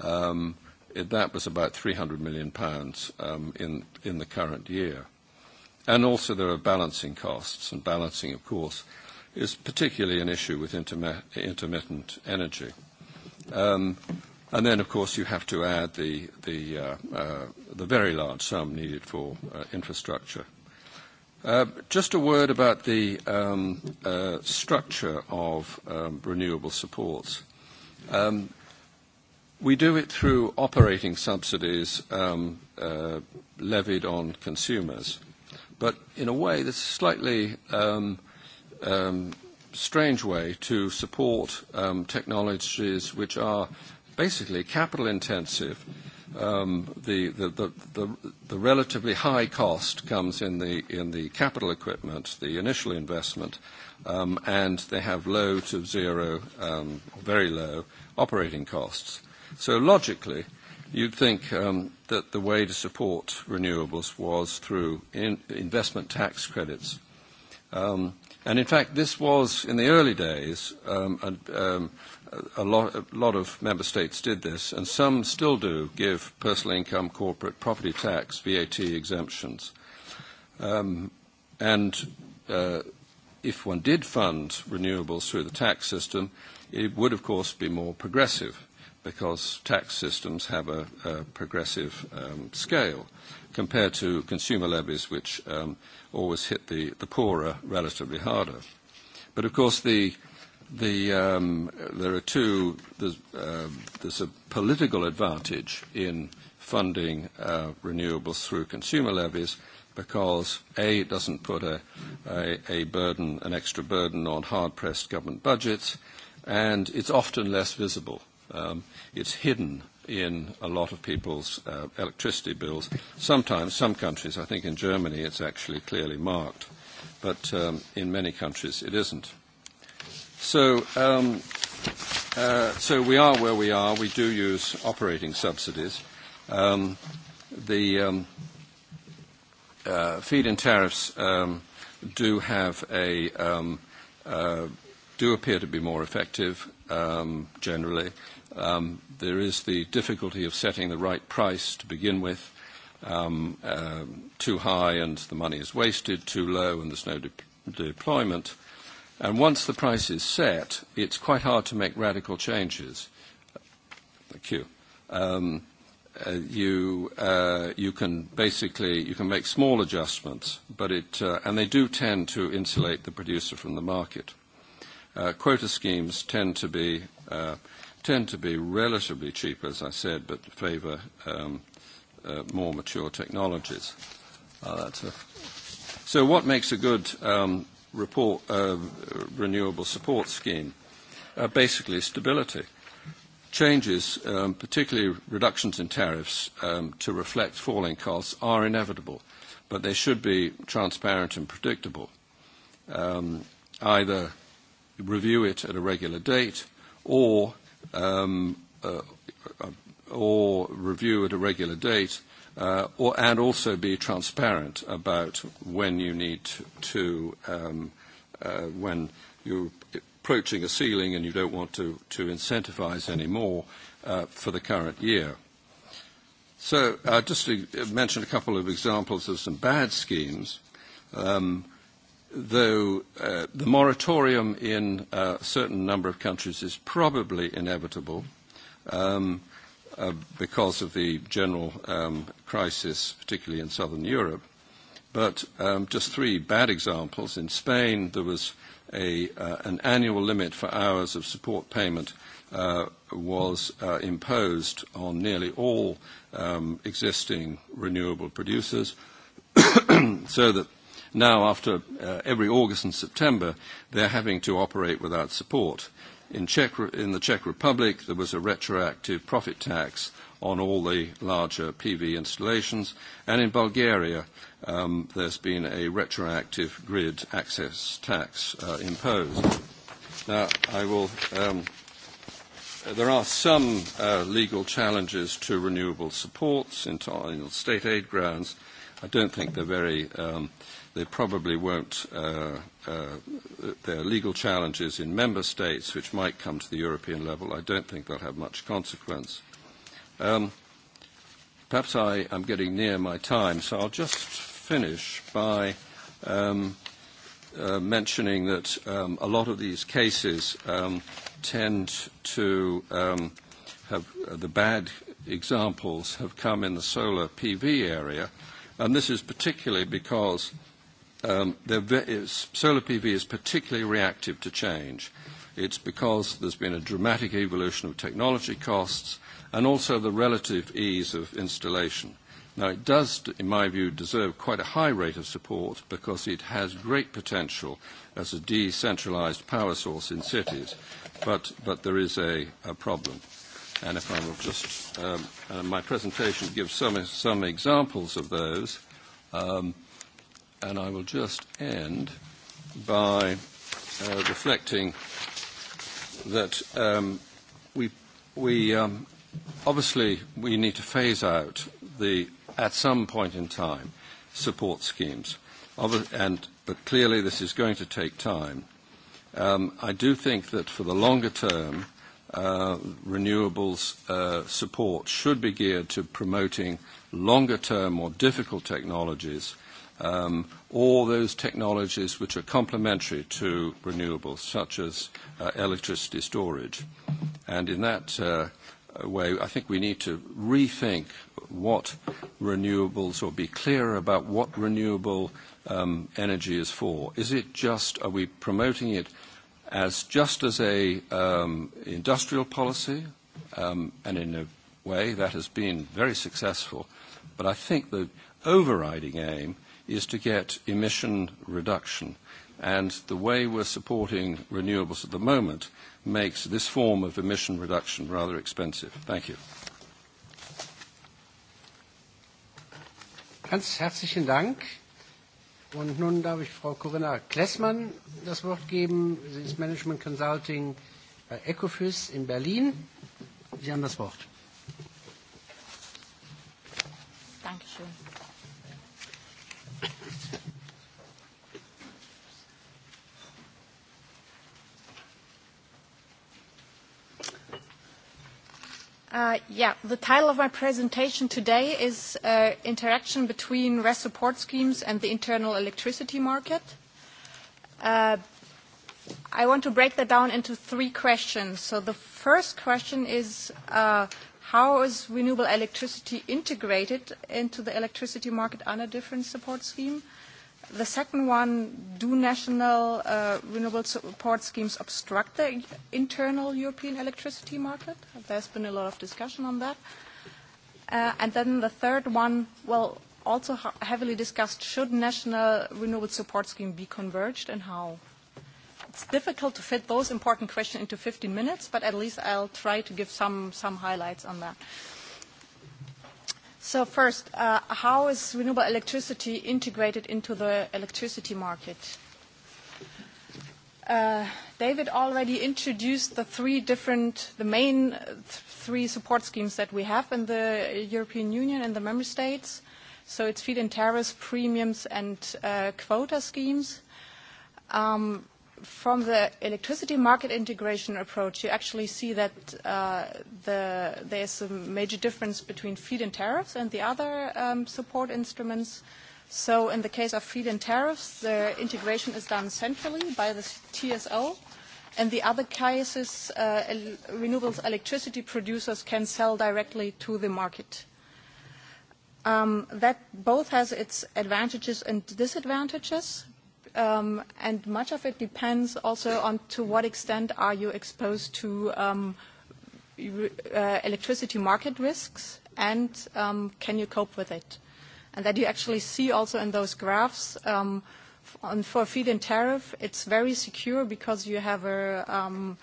um, it, that was about 300 million pounds um, in, in the current year. And also there are balancing costs, and balancing, of course, is particularly an issue with interme- intermittent energy. Um, And then, of course, you have to add the, the, uh, uh, the very large sum needed for uh, infrastructure. Uh, just a word about the um, uh, structure of um, renewable supports. Um, we do it through operating subsidies um, uh, levied on consumers. But in a way, that's a slightly um, um, strange way to support um, technologies which are – basically capital intensive. Um, the, the, the, the, the relatively high cost comes in the, in the capital equipment, the initial investment, um, and they have low to zero, um, very low operating costs. So logically, you'd think um, that the way to support renewables was through in investment tax credits. Um, and in fact, this was in the early days um, a, um, a lot, a lot of member states did this, and some still do give personal income, corporate property tax, VAT exemptions. Um, and uh, if one did fund renewables through the tax system, it would, of course, be more progressive because tax systems have a, a progressive um, scale compared to consumer levies, which um, always hit the, the poorer relatively harder. But, of course, the uh, the, um, there are two. There's, uh, there's a political advantage in funding uh, renewables through consumer levies because A, it doesn't put a, a, a burden, an extra burden on hard-pressed government budgets, and it's often less visible. Um, it's hidden in a lot of people's uh, electricity bills. Sometimes, some countries, I think in Germany, it's actually clearly marked, but um, in many countries it isn't. So, um, uh, so we are where we are. We do use operating subsidies. Um, the um, uh, feed-in tariffs um, do have a um, uh, do appear to be more effective um, generally. Um, there is the difficulty of setting the right price to begin with. Um, uh, too high and the money is wasted, too low and there's no de- deployment. And once the price is set, it's quite hard to make radical changes. Thank you. Um, uh, you, uh, you can basically you can make small adjustments, but it uh, and they do tend to insulate the producer from the market. Uh, quota schemes tend to be uh, tend to be relatively cheap, as I said, but favour um, uh, more mature technologies. Uh, that's a, so what makes a good um, report, uh, renewable support scheme. Uh, basically, stability. Changes, um, particularly reductions in tariffs um, to reflect falling costs, are inevitable, but they should be transparent and predictable. Um, either review it at a regular date or, um, uh, uh or review at a regular date uh, or, and also be transparent about when you need to, um, uh, when you're approaching a ceiling and you don't want to, to incentivize any more uh, for the current year. So uh, just to mention a couple of examples of some bad schemes, um, though uh, the moratorium in uh, a certain number of countries is probably inevitable, um, uh, uh, because of the general um, crisis, particularly in southern Europe. But um, just three bad examples. In Spain, there was a, uh, an annual limit for hours of support payment uh, was uh, imposed on nearly all um, existing renewable producers, [coughs] so that now after uh, every August and September, they're having to operate without support. Uh, In, Czech, in the Czech Republic, there was a retroactive profit tax on all the larger PV installations, and in Bulgaria, um, there's been a retroactive grid access tax uh, imposed. Now, I will. Um, there are some uh, legal challenges to renewable supports in, in state aid grounds. I don't think they're very um, uh, They probably won't. Uh, uh, there are legal challenges in member states which might come to the European level. I don't think they'll have much consequence. Um, perhaps I am getting near my time, so I'll just finish by um, uh, mentioning that um, a lot of these cases um, tend to um, have uh, the bad examples have come in the solar PV area, and this is particularly because um, is, solar PV is particularly reactive to change. It's because there's been a dramatic evolution of technology costs and also the relative ease of installation. Now, it does, in my view, deserve quite a high rate of support because it has great potential as a decentralized power source in cities, but, but there is a, a problem. And if I will just, um, uh, my presentation gives some, some examples of those. Um, And I will just end by uh, reflecting that um, we, we um, obviously we need to phase out the, at some point in time, support schemes. Obvi and, but clearly this is going to take time. Um, I do think that for the longer term, uh, renewables uh, support should be geared to promoting longer term, more difficult technologies um, all those technologies which are complementary to renewables, such as uh, electricity storage. And in that uh, way, I think we need to rethink what renewables or be clear about what renewable um, energy is for. Is it just, are we promoting it as just as a um, industrial policy? Um, and in a way that has been very successful. But I think the overriding aim is to get emission reduction. And the way we're supporting renewables at the moment makes this form of emission reduction rather expensive. Thank you.
Ganz herzlichen Dank. Und nun darf ich Frau Corinna Klessmann das Wort geben. Sie ist Management Consulting bei Ecofys in Berlin. Sie haben das Wort.
Dankeschön. Uh, yeah, the title of my presentation today is uh, Interaction between RES support schemes and the internal electricity market. Uh, I want to break that down into three questions. So the first question is uh, how is renewable electricity integrated into the electricity market under different support scheme? Uh, The second one, do national uh, renewable support schemes obstruct the internal European electricity market? There's been a lot of discussion on that. Uh, and then the third one, well, also heavily discussed, should national renewable support scheme be converged and how? It's difficult to fit those important questions into 15 minutes, but at least I'll try to give some, some highlights on that. Uh, So first, uh, how is renewable electricity integrated into the electricity market? Uh, David already introduced the three different, the main th uh, three support schemes that we have in the European Union and the member states. So it's feed-in tariffs, premiums, and uh, quota schemes. Um, from the electricity market integration approach, you actually see that uh, the, there's a major difference between feed-in tariffs and the other um, support instruments. So in the case of feed-in tariffs, the integration is done centrally by the TSO. In the other cases, uh, el renewables electricity producers can sell directly to the market. Um, that both has its advantages and disadvantages um, and much of it depends also on to what extent are you exposed to um, uh, electricity market risks and um, can you cope with it. And that you actually see also in those graphs um, on, for feed-in tariff, it's very secure because you have a, um,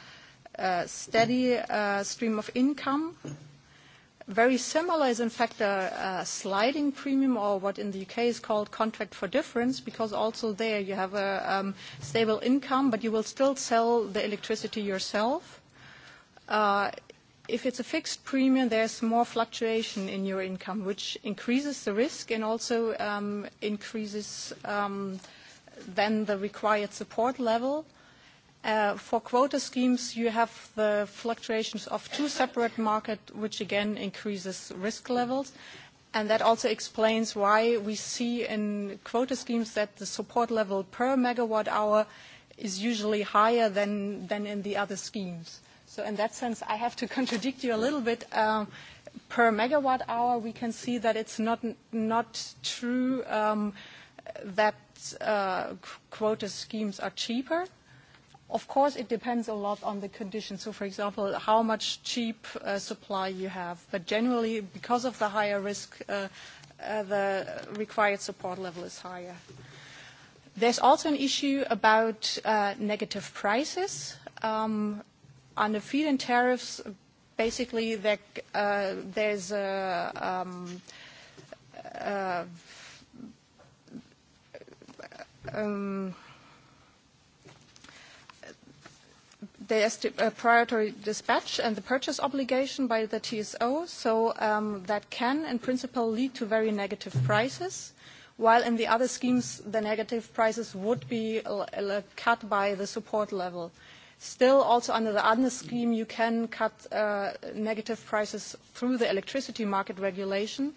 a steady uh, stream of income Very similar is, in fact, a, a sliding premium or what in the U.K. is called contract for difference, because also there you have a um, stable income, but you will still sell the electricity yourself. Uh, if it's a fixed premium, there's more fluctuation in your income, which increases the risk and also um, increases um, then the required support level. Uh, Uh, for quota schemes, you have the fluctuations of two separate markets, which again increases risk levels. And that also explains why we see in quota schemes that the support level per megawatt hour is usually higher than, than in the other schemes. So in that sense, I have to [laughs] contradict you a little bit. Um, per megawatt hour, we can see that it's not, not true um, that uh, quota schemes are cheaper. Of course, it depends a lot on the conditions. So, for example, how much cheap uh, supply you have. But generally, because of the higher risk, uh, uh, the required support level is higher. There's also an issue about uh, negative prices. Um, under feed-in tariffs, basically, there, uh, there's a... Um, uh, um, they uh, priority dispatch and the purchase obligation by the TSO, so um, that can, in principle, lead to very negative prices, while in the other schemes, the negative prices would be cut by the support level. Still, also under the ADNIS scheme, you can cut uh, negative prices through the electricity market regulation,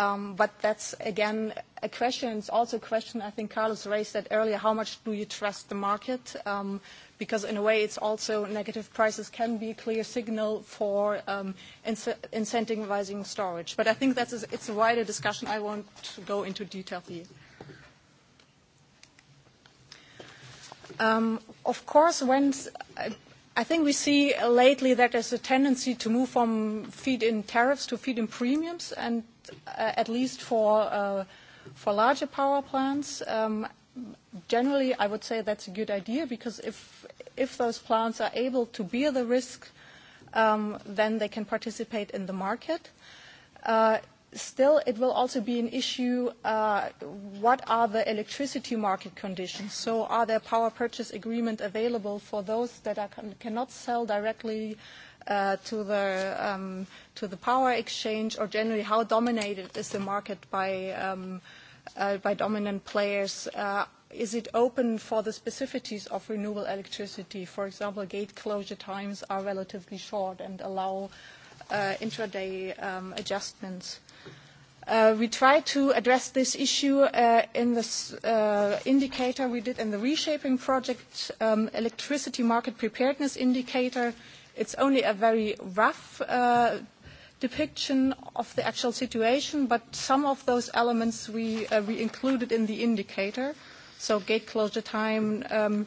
Um, but that's, again, a question. It's also a question I think Carlos raised that earlier, how much do you trust the market? Um, because in a way it's also negative prices can be a clear signal for um, inc incentivizing storage. But I think that's a, it's a wider discussion. I won't go into detail here. Um, of course, when I, I think we see lately that there's a tendency to move from feed-in tariffs to feed-in premiums, and uh, at least for uh, for larger power plants, um, generally I would say that's a good idea because if if those plants are able to bear the risk, um, then they can participate in the market. Uh, still, it will also be an issue uh, what are the electricity market conditions? So are there power purchase agreement available for those that are, can, cannot sell directly uh, to, the, um, to the power exchange or generally how dominated is the market by, um, uh, by dominant players? Uh, is it open for the specificities of renewable electricity? For example, gate closure times are relatively short and allow uh, intraday um, adjustments. Uh, we tried to address this issue uh, in this uh, indicator we did in the reshaping project, um, electricity market preparedness indicator. It's only a very rough uh, depiction of the actual situation, but some of those elements we, uh, we included in the indicator. Uh, so gate closure time, um,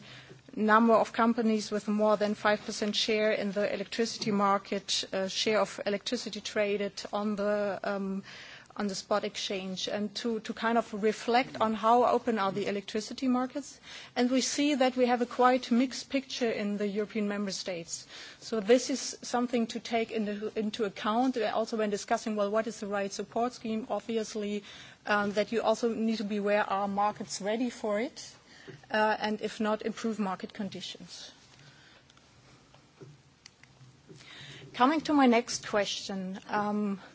number of companies with more than 5% share in the electricity market, uh, share of electricity traded on the um, uh, on the spot exchange and to, to kind of reflect on how open are the electricity markets. And we see that we have a quite mixed picture in the European member states. So this is something to take into, into account uh, also when discussing, well, what is the right support scheme? Obviously, um, that you also need to be aware, are markets ready for it? Uh, and if not, improve market conditions. Coming to my next question, um, uh,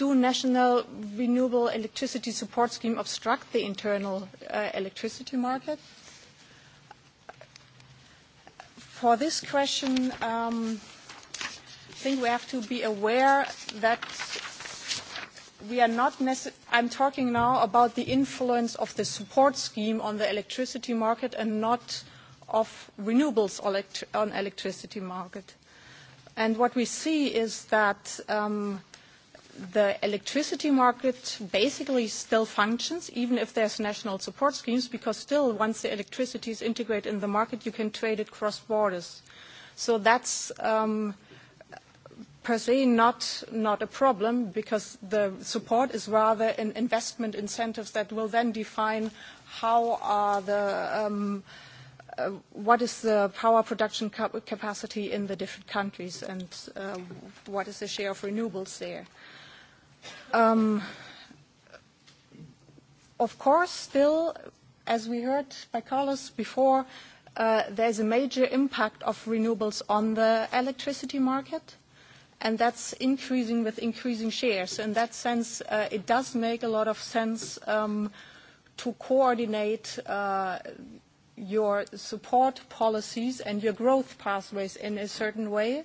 do national renewable electricity support scheme obstruct the internal uh, electricity market? For this question, um, I think we have to be aware that we are not necessarily, I'm talking now about the influence of the support scheme on the electricity market and not of renewables elect on electricity market. And what we see is that um, the electricity market basically still functions, even if there's national support schemes, because still, once the electricity is integrated in the market, you can trade it cross borders. So that's um, per se not, not a problem, because the support is rather an investment incentives that will then define how are the um, uh, what is the power production cap capacity in the different countries and uh, what is the share of renewables there. Uh, Um, of course, still, as we heard by Carlos before, uh, there's a major impact of renewables on the electricity market, and that's increasing with increasing shares. So in that sense, uh, it does make a lot of sense um, to coordinate uh, your support policies and your growth pathways in a certain way,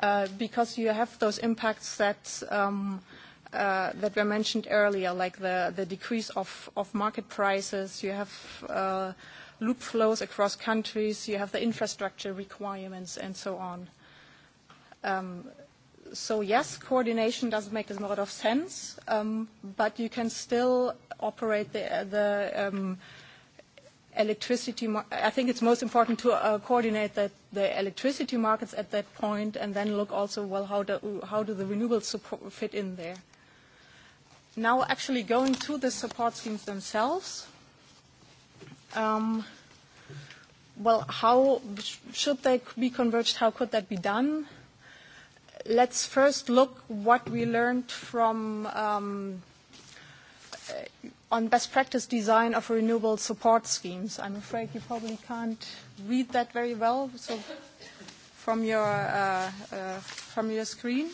uh, because you have those impacts that um, – uh, that were mentioned earlier, like the, the decrease of, of market prices. You have uh, loop flows across countries. You have the infrastructure requirements and so on. Um, so yes, coordination does make a lot of sense, um, but you can still operate the, uh, the um, electricity. Mar- I think it's most important to uh, coordinate that the electricity markets at that point, and then look also well how do how do the renewables support fit in there now actually going to the support schemes themselves, um, well, how sh should they be converged? How could that be done? Let's first look what we learned from um, uh, on best practice design of renewable support schemes. I'm afraid you probably can't read that very well so from, your, uh, uh, from your screen.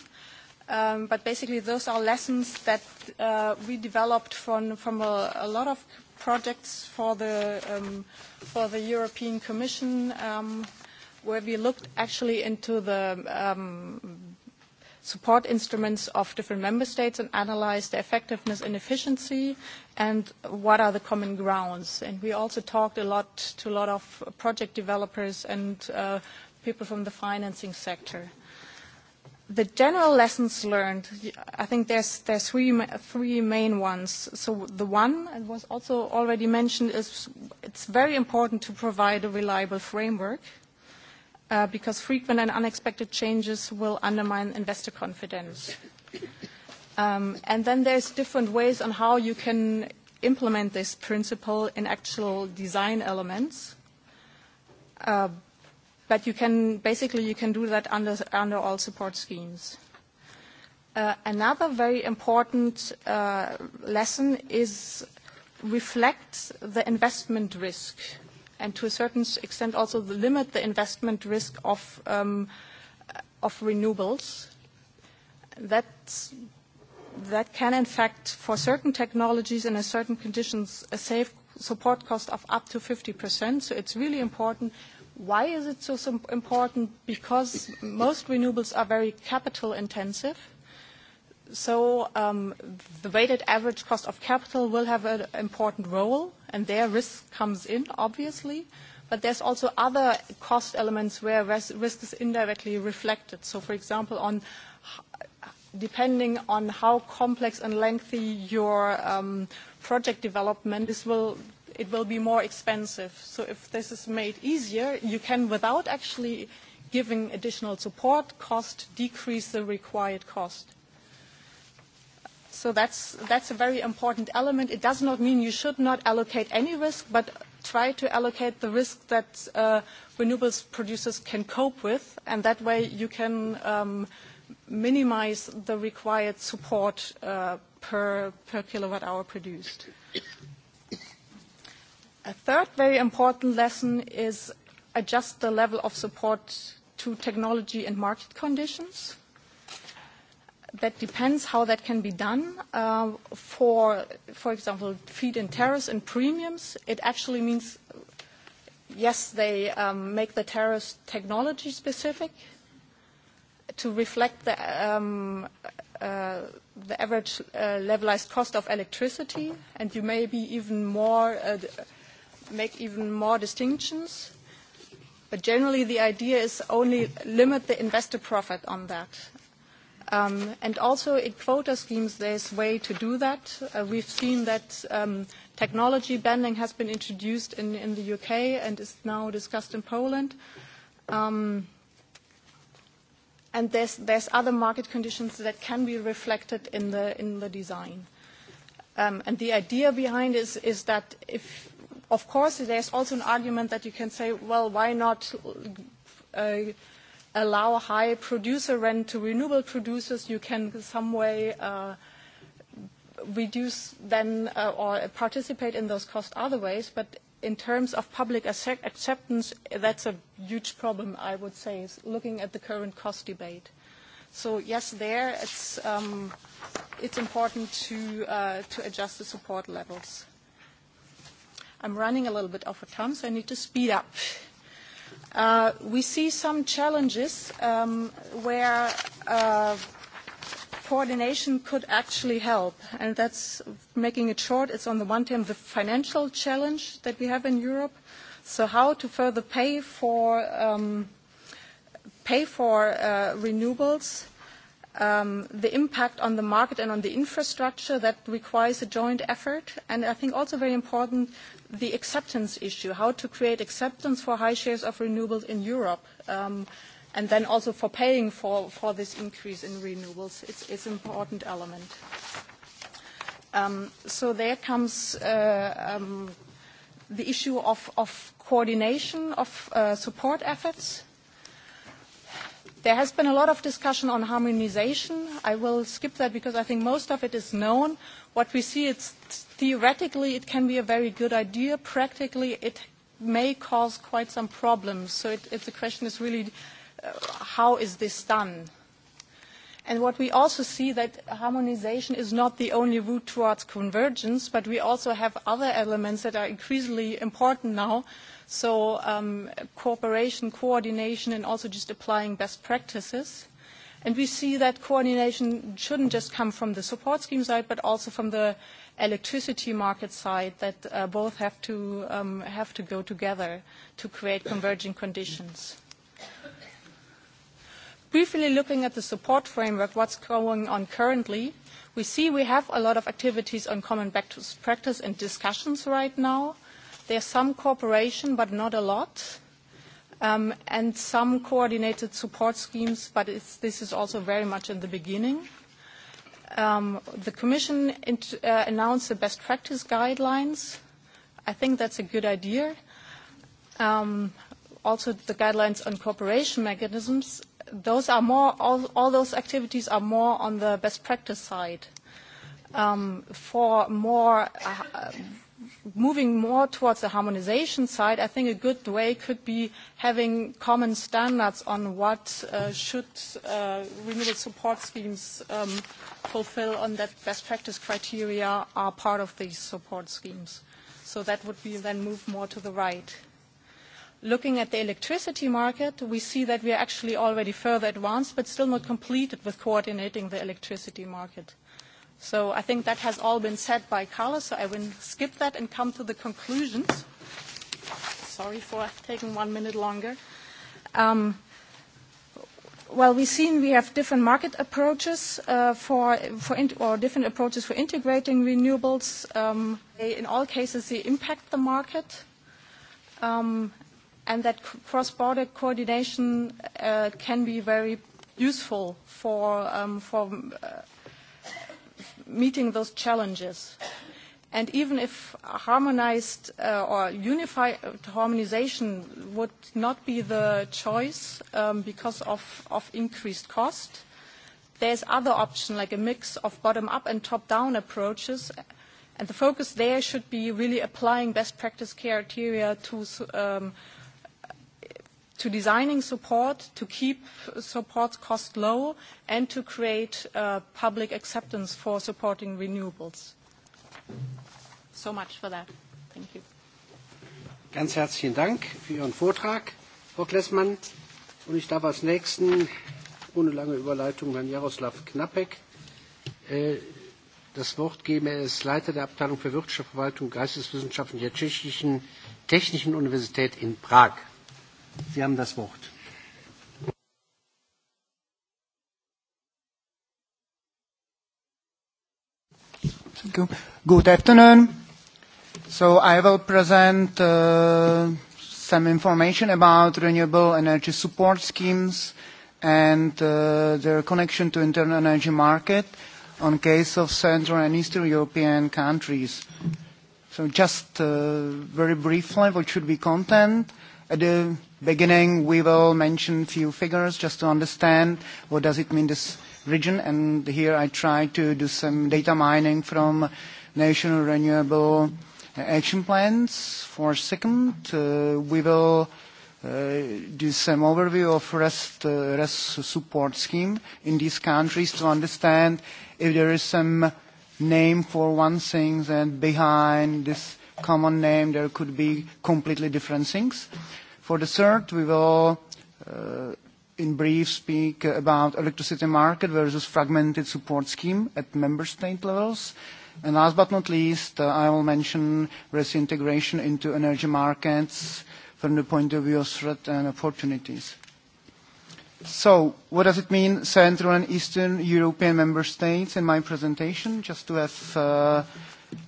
Um, but basically, those are lessons that uh, we developed from, from a, a lot of projects for the, um, for the European Commission, um, where we looked actually into the um, support instruments of different member states and analyze their effectiveness and efficiency and what are the common grounds. And we also talked a lot to a lot of project developers and uh, people from the financing sector the general lessons learned, I think there's, there's three, three main ones. So the one, and was also already mentioned, is it's very important to provide a reliable framework uh, because frequent and unexpected changes will undermine investor confidence. Um, and then there's different ways on how you can implement this principle in actual design elements. Uh, But you can, basically, you can do that under, under all support schemes. Uh, another very important uh, lesson is reflect the investment risk and to a certain extent also the limit the investment risk of, um, of renewables. That's, that can in fact for certain technologies and in certain conditions save support cost of up to 50%. So it's really important Why is it so important? Because most renewables are very capital intensive. So um, the weighted average cost of capital will have an important role, and there risk comes in, obviously. But there's also other cost elements where res- risk is indirectly reflected. So, for example, on depending on how complex and lengthy your um, project development, this will it will be more expensive. So if this is made easier, you can, without actually giving additional support cost, decrease the required cost. So that's, that's a very important element. It does not mean you should not allocate any risk, but try to allocate the risk that uh, renewables producers can cope with, and that way you can um, minimize the required support uh, per, per kilowatt hour produced. A third very important lesson is adjust the level of support to technology and market conditions. That depends how that can be done. Uh, for, for example, feed-in tariffs and premiums, it actually means, yes, they um, make the tariffs technology-specific to reflect the, um, uh, the average uh, levelized cost of electricity, and you may be even more uh, make even more distinctions. But generally, the idea is only limit the investor profit on that. Um, and also in quota schemes, there's way to do that. Uh, we've seen that um, technology banding has been introduced in, in the UK and is now discussed in Poland. Um, and there's, there's other market conditions that can be reflected in the, in the design. Um, and the idea behind is, is that if Of course, there's also an argument that you can say, well, why not uh, allow high producer rent to renewable producers? You can some way uh, reduce then uh, or participate in those costs other ways. But in terms of public acceptance, that's a huge problem, I would say, is looking at the current cost debate. So yes, there it's, um, it's important to, uh, to adjust the support levels. I'm running a little bit over time, so I need to speed up. Uh, we see some challenges um, where uh, coordination could actually help. And that's making it short. It's on the one hand the financial challenge that we have in Europe. So how to further pay for um, pay for uh, renewables, um, the impact on the market and on the infrastructure that requires a joint effort. And I think also very important the acceptance issue, how to create acceptance for high shares of renewables in Europe, um, and then also for paying for, for this increase in renewables. It's, it's an important element. Um, so there comes uh, um, the issue of, of coordination of uh, support efforts There has been a lot of discussion on harmonization. I will skip that because I think most of it is known. What we see is theoretically it can be a very good idea. Practically it may cause quite some problems. So it, it's the question is really uh, how is this done? And what we also see that harmonization is not the only route towards convergence, but we also have other elements that are increasingly important now. So um, cooperation, coordination, and also just applying best practices. And we see that coordination shouldn't just come from the support scheme side, but also from the electricity market side, that uh, both have to, um, have to go together to create converging conditions. Briefly looking at the support framework, what's going on currently, we see we have a lot of activities on common best practice and discussions right now. There's some cooperation, but not a lot, um, and some coordinated support schemes, but it's, this is also very much in the beginning. Um, the Commission int, uh, announced the best practice guidelines. I think that's a good idea. Um, also, the guidelines on cooperation mechanisms those are more, all, all those activities are more on the best practice side. Um, for more, uh, moving more towards the harmonization side, I think a good way could be having common standards on what uh, should uh, renewable support schemes um, fulfill on that best practice criteria are part of these support schemes. So that would be then move more to the right. Uh, Looking at the electricity market, we see that we are actually already further advanced, but still not completed with coordinating the electricity market. So I think that has all been said by Carlos, so I will skip that and come to the conclusions. Sorry for taking one minute longer. Um, well, we've seen we have different market approaches uh, for, for in, or different approaches for integrating renewables. Um, they, in all cases, they impact the market. Um, and that cross-border coordination uh, can be very useful for, um, for uh, meeting those challenges. And even if harmonized uh, or unified uh, harmonization would not be the choice um, because of, of increased cost, there's other option like a mix of bottom-up and top-down approaches and the focus there should be really applying best practice criteria to um, to designing support, to keep support cost low, and to create uh, public acceptance for supporting renewables. So much for that. Thank you.
Ganz herzlichen Dank für Ihren Vortrag, Frau Klessmann. Und ich darf als Nächsten, ohne lange Überleitung, Herrn Jaroslav Knapek äh, das Wort geben. Er ist Leiter der Abteilung für Wirtschaftsverwaltung, Geisteswissenschaften der Tschechischen Technischen Universität in Prag. Sie haben das Wort.
Good afternoon. So I will present uh, some information about renewable energy support schemes and uh, their connection to internal energy market on case of Central and Eastern European countries. So just uh, very briefly, what should be content? Uh, At the beginning, we will mention few figures just to understand what does it mean, this region, and here I try to do some data mining from National Renewable Action Plans. For a second, uh, we will uh, do some overview of REST, uh, REST support scheme in these countries to understand if there is some name for one thing, and behind this common name, there could be completely different things. For the third, we will, uh, in brief, speak about electricity market versus fragmented support scheme at member state levels. And last but not least, uh, I will mention risk integration into energy markets from the point of view of threat and opportunities. So what does it mean, Central and Eastern European member states in my presentation, just to have a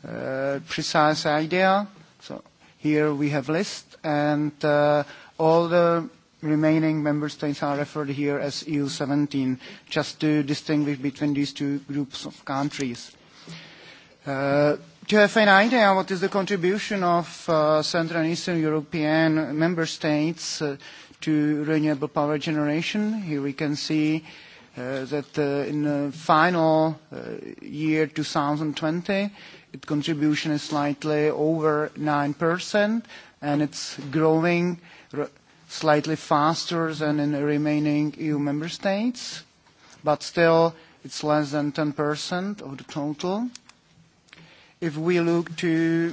uh, uh, precise idea? So Here we have list, and uh, all the remaining member states are referred here as EU 17, just to distinguish between these two groups of countries. Uh, to have an idea what is the contribution of uh, Central and Eastern European member states uh, to renewable power generation, here we can see uh, that uh, in the final uh, year 2020, contribution is slightly over 9%, and it's growing slightly faster than in the remaining EU member states, but still it's less than 10% of the total. If we look to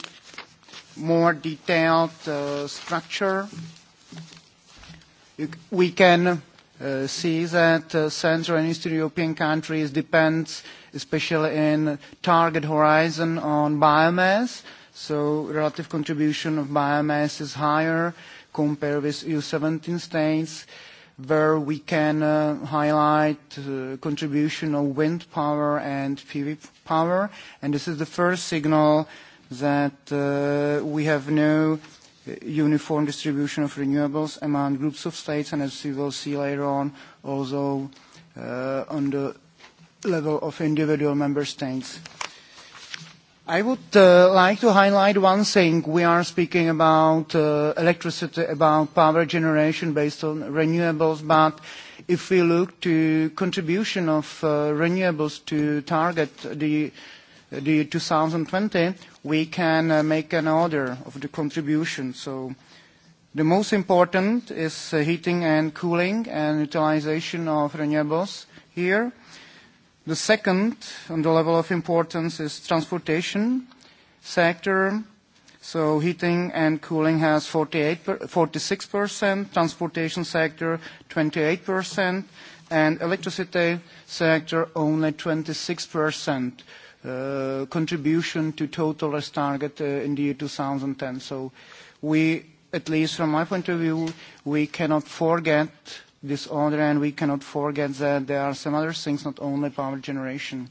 more detailed uh, structure, we can uh, see that uh, Central and Eastern European countries depends especially in target horizon on biomass. So relative contribution of biomass is higher compared with EU 17 states, where we can uh, highlight uh, contribution of wind power and PV power. And this is the first signal that uh, we have no uh, uniform distribution of renewables among groups of states, and as you will see later on, also uh, on the level of individual member states. I would uh, like to highlight one thing. We are speaking about uh, electricity, about power generation based on renewables, but if we look to contribution of uh, renewables to target the, the 2020, we can uh, make an order of the contribution. So the most important is heating and cooling and utilization of renewables here The second, on the level of importance, is transportation sector. So heating and cooling has 48 per, 46%, transportation sector 28%, and electricity sector only 26% uh, contribution to total as target uh, in the year 2010. So we, at least from my point of view, we cannot forget this order, and we cannot forget that there are some other things, not only power generation.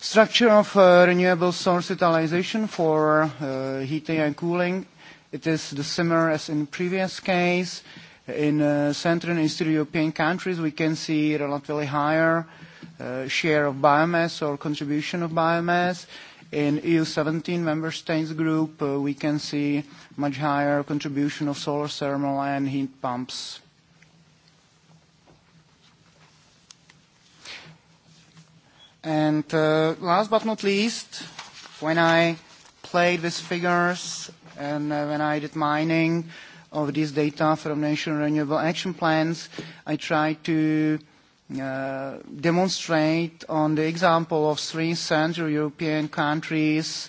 Structure of uh, renewable source utilization for uh, heating and cooling. It is the similar as in previous case. In uh, Central and Eastern European countries, we can see relatively higher uh, share of biomass or contribution of biomass. In EU 17 member states group, uh, we can see much higher contribution of solar thermal and heat pumps. And uh, last but not least, when I played with figures and uh, when I did mining of this data from national renewable action plans, I tried to uh, demonstrate on the example of three Central European countries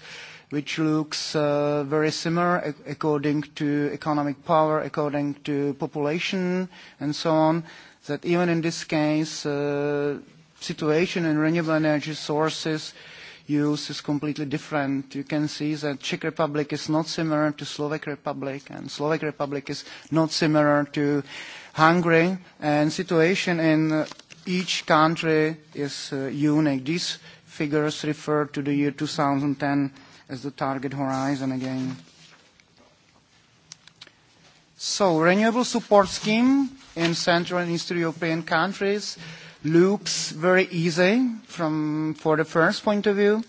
which looks uh, very similar according to economic power, according to population, and so on, that even in this case, uh, situation in renewable energy sources use is completely different. You can see that Czech Republic is not similar to Slovak Republic, and Slovak Republic is not similar to Hungary. And situation in each country is uh, unique. These figures refer to the year 2010 as the target horizon again. So, renewable support scheme in Central and Eastern European countries looks very easy from, for the first point of view,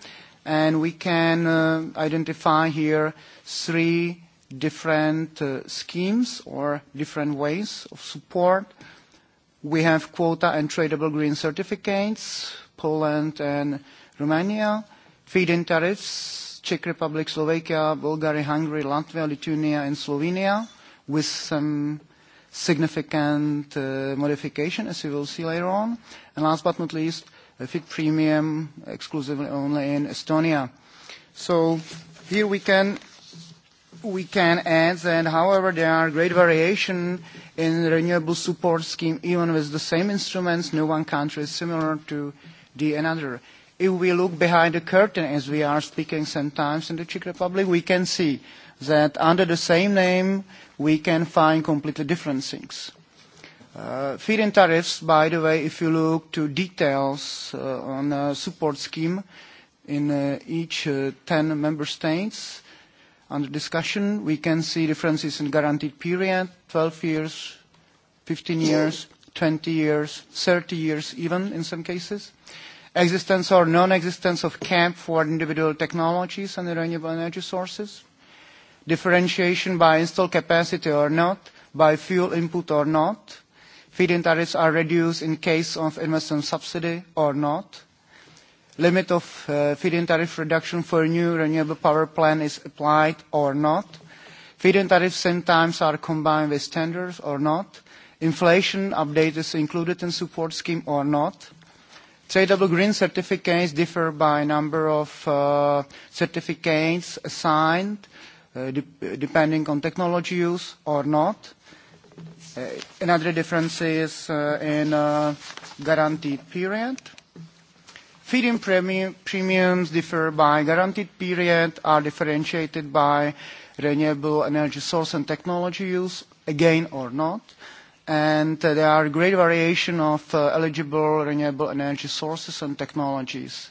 and we can uh, identify here three different uh, schemes or different ways of support. Uh, We have quota and tradable green certificates, Poland and Romania, feed-in tariffs, Czech Republic, Slovakia, Bulgaria, Hungary, Latvia, Lithuania, and Slovenia, with some significant uh, modification, as you will see later on. And last but not least, a feed premium exclusively only in Estonia. So here we can we can add that, however, there are great variation in the renewable support scheme, even with the same instruments, no one country is similar to the another. If we look behind the curtain, as we are speaking sometimes in the Czech Republic, we can see that under the same name, we can find completely different things. Uh, feed-in tariffs, by the way, if you look to details uh, on a uh, support scheme in uh, each uh, 10 member states, under discussion. We can see differences in guaranteed period, 12 years, 15 years, 20 years, 30 years even in some cases. Existence or non-existence of cap for individual technologies and renewable energy sources. Differentiation by install capacity or not, by fuel input or not. Feed-in tariffs are reduced in case of investment subsidy or not limit of uh, feed-in tariff reduction for new renewable power plant is applied or not. Feed-in tariffs sometimes are combined with tenders or not. Inflation update is included in support scheme or not. Tradable green certificates differ by number of uh, certificates assigned, uh, de depending on technology use or not. Uh, another difference is uh, in uh, guaranteed period. Feed-in premium, premiums differ by guaranteed period, are differentiated by renewable energy source and technology use, again or not. And uh, there are great variation of uh, eligible renewable energy sources and technologies.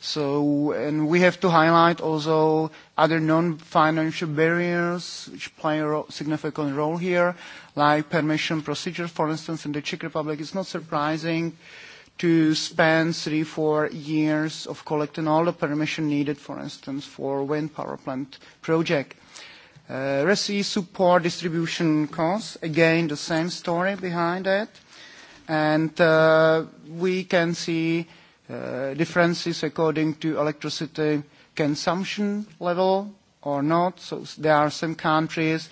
So, and we have to highlight also other non-financial barriers which play a ro significant role here, like permission procedures, for instance, in the Czech Republic. It's not surprising uh, to spend three, four years of collecting all the permission needed, for instance, for wind power plant project. Uh, RESI support distribution costs, again, the same story behind it. And uh, we can see uh, differences according to electricity consumption level or not. So there are some countries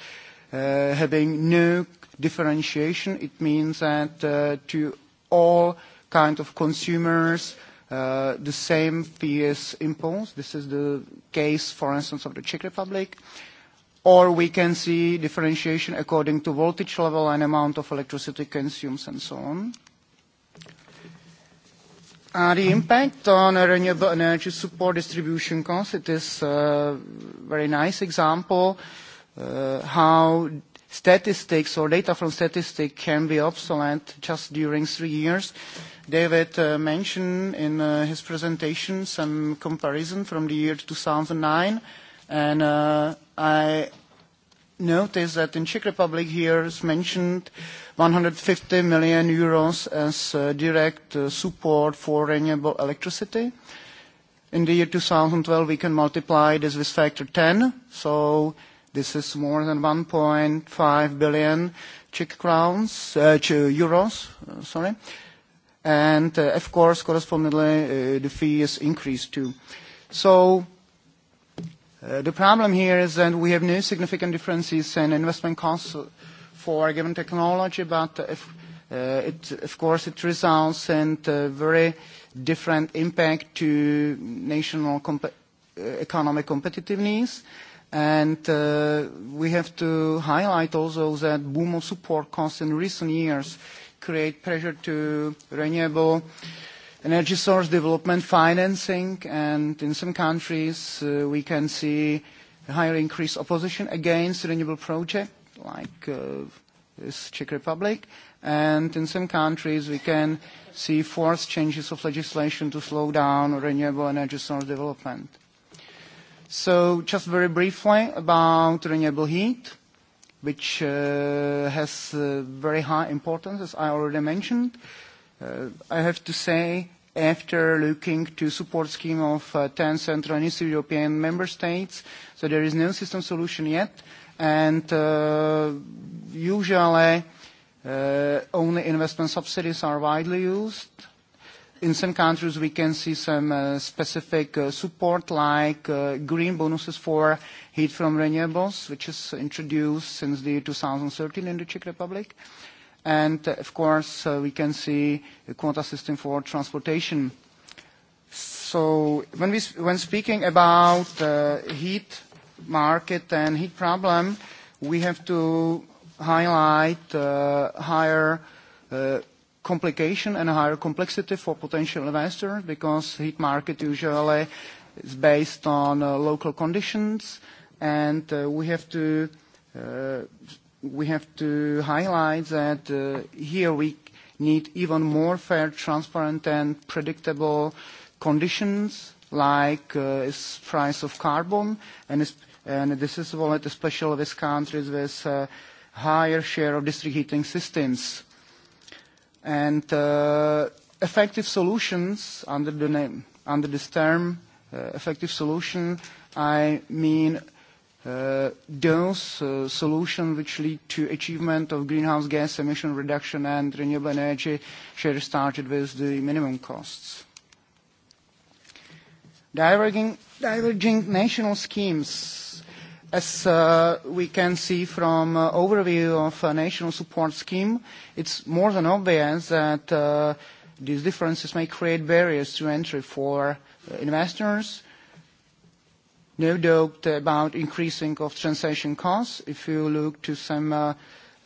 uh, having no differentiation. It means that uh, to all kind of consumers, uh, the same fierce impulse. This is the case, for instance, of the Czech Republic. Or we can see differentiation according to voltage level and amount of electricity consumed and so on. Uh, the impact on renewable energy support distribution cost, it is a very nice example uh, how statistics or data from statistics can be obsolete just during three years. David uh, mentioned in uh, his presentation some comparison from the year 2009, and uh, I noticed that in Czech Republic here is mentioned 150 million euros as uh, direct uh, support for renewable electricity. In the year 2012, we can multiply this with factor 10, so This is more than 1.5 billion Czech crowns, uh, euros, uh, sorry. And uh, of course, correspondingly, uh, the fee is increased too. So uh, the problem here is that we have no significant differences in investment costs for a given technology, but uh, if, uh, it, of course it results in a very different impact to national comp- uh, economic competitiveness. Uh, And uh, we have to highlight also that boom of support costs in recent years create pressure to renewable energy source development financing, and in some countries, uh, we can see higher increased opposition against renewable project, like uh, this Czech Republic. And in some countries, we can see forced changes of legislation to slow down renewable energy source development. Uh, So just very briefly about renewable heat, which uh, has uh, very high importance, as I already mentioned. Uh, I have to say, after looking to support scheme of uh, 10 Central and Eastern European member states, so there is no system solution yet, and uh, usually uh, only investment subsidies are widely used, in some countries, we can see some uh, specific uh, support like uh, green bonuses for heat from renewables, which is introduced since the 2013 in the Czech Republic. And uh, of course, uh, we can see a quota system for transportation. So when, we, when speaking about uh, heat market and heat problem, we have to highlight uh, higher uh, complication and higher complexity for potential investor because heat market usually is based on uh, local conditions and uh, we have to uh, we have to highlight that uh, here we need even more fair, transparent and predictable conditions like uh, is price of carbon and, is, and this is valid especially with countries with uh, higher share of district heating systems and uh, effective solutions under the name under this term uh, effective solution i mean uh, those uh, solutions which lead to achievement of greenhouse gas emission reduction and renewable energy share started with the minimum costs. Diverging, diverging national schemes As uh, we can see from uh, overview of uh, national support scheme, it's more than obvious that uh, these differences may create barriers to entry for uh, investors. No doubt about increasing of transaction costs. If you look to some uh,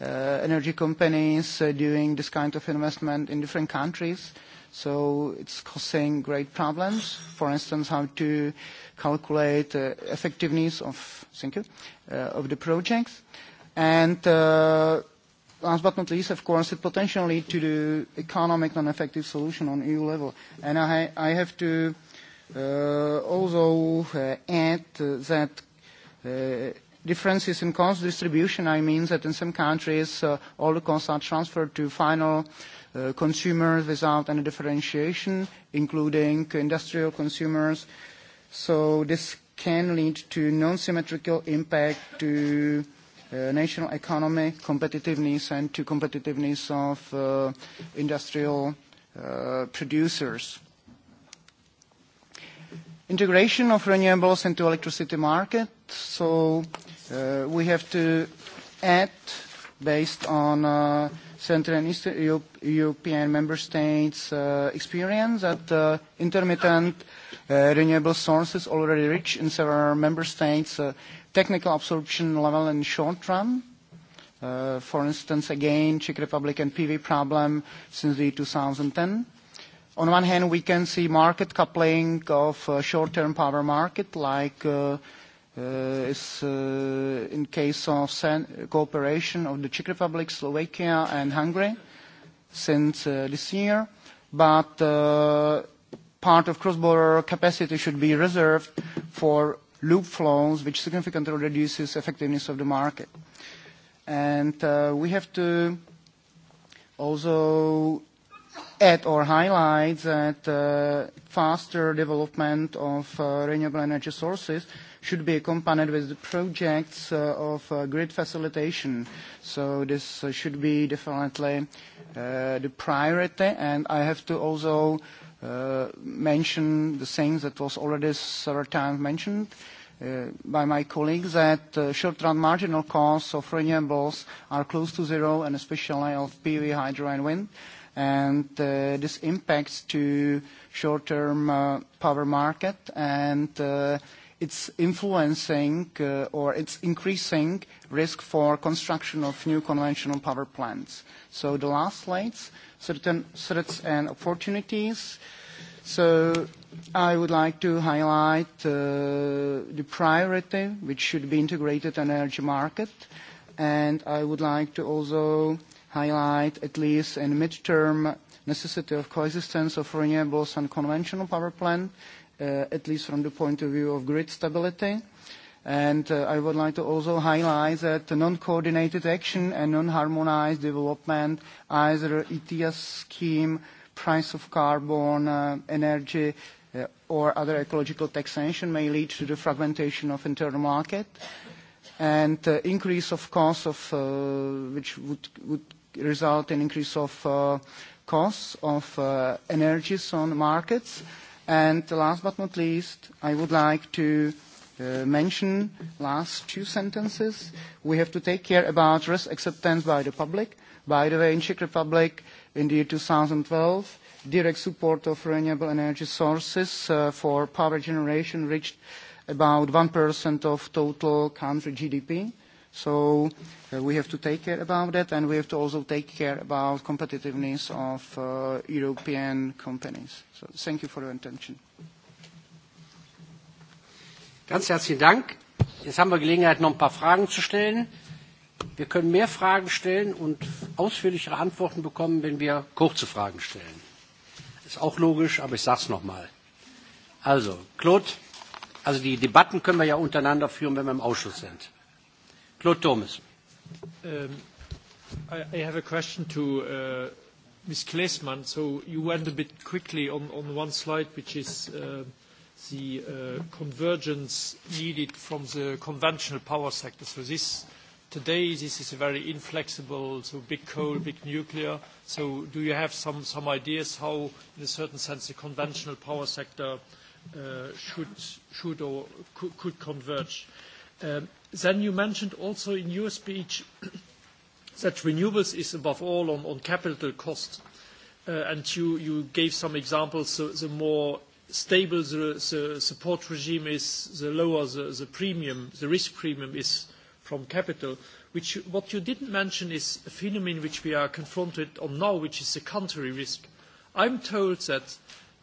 uh, energy companies uh, doing this kind of investment in different countries, uh, So it's causing great problems. For instance, how to calculate uh, effectiveness of thank you uh, of the projects, and uh, last but not least, of course, it potentially to the economic non-effective solution on EU level. And I, I have to uh, also uh, add uh, that uh, differences in cost distribution, I mean that in some countries uh, all the costs are transferred to final uh, consumers without any differentiation, including industrial consumers. So this can lead to non-symmetrical impact to uh, national economy competitiveness and to competitiveness of uh, industrial uh, producers. Integration of renewables into electricity market. So Uh, we have to act based on uh, Central and Eastern Europe, European member states' uh, experience that uh, intermittent uh, renewable sources already reach in several member states uh, technical absorption level in short run. Uh, for instance, again, Czech Republic and PV problem since the 2010. On one hand, we can see market coupling of uh, short-term power market like uh, uh, is uh, in case of san- cooperation of the Czech Republic, Slovakia, and Hungary since uh, this year. But uh, part of cross-border capacity should be reserved for loop flows, which significantly reduces effectiveness of the market. And uh, we have to also add or highlight that uh, faster development of uh, renewable energy sources uh, should be accompanied with the projects uh, of uh, grid facilitation. So this uh, should be definitely uh, the priority. And I have to also uh, mention the things that was already several times mentioned. Uh, Uh, by my colleagues that uh, short-run marginal costs of renewables are close to zero, and especially of PV, hydro, and wind. And uh, this impacts to short-term uh, power market and uh, it's influencing uh, or it's increasing risk for construction of new conventional power plants. So the last slides, certain threats and opportunities. So I would like to highlight uh, the priority, which should be integrated energy market, and I would like to also highlight, at least in midterm, necessity of coexistence of renewables and conventional power plant, uh, at least from the point of view of grid stability. And uh, I would like to also highlight that non-coordinated action and non-harmonized development, either ETS scheme, price of carbon, uh, energy, uh, or other ecological taxation, may lead to the fragmentation of internal market and uh, increase of cost of uh, which would, would result in increase of uh, costs of uh, energies on markets. Mm-hmm And last but not least, I would like to Uh, mention last two sentences. We have to take care about risk acceptance by the public. By the way, in Czech Republic, in the year 2012, direct support of renewable energy sources uh, for power generation reached about 1% of total country GDP. So uh, we have to take care about that, and we have to also take care about competitiveness of uh, European companies. So thank you for your attention.
Ganz herzlichen Dank. Jetzt haben wir Gelegenheit, noch ein paar Fragen zu stellen. Wir können mehr Fragen stellen und ausführlichere Antworten bekommen, wenn wir kurze Fragen stellen. Ist auch logisch, aber ich sage es nochmal. Also, Claude, also die Debatten können wir ja untereinander führen, wenn wir im Ausschuss sind. Claude Thomas.
Um, I, I have a question to uh, Ms. Kleesman. So you went a bit quickly on, on one slide, which is uh, the uh, convergence needed from the conventional power sector. So this, today, this is very inflexible, so big coal, big nuclear. So do you have some, some ideas how, in a certain sense, the conventional power sector uh, should, should or could, could converge? Uh, Um, then you mentioned also in your speech [coughs] that renewables is above all on, on capital cost. Uh, and you, you gave some examples. So the more stable the, the support regime is, the lower the, the premium, the risk premium is from capital. Which, what you didn't mention is a phenomenon which we are confronted on now, which is the country risk. I'm told that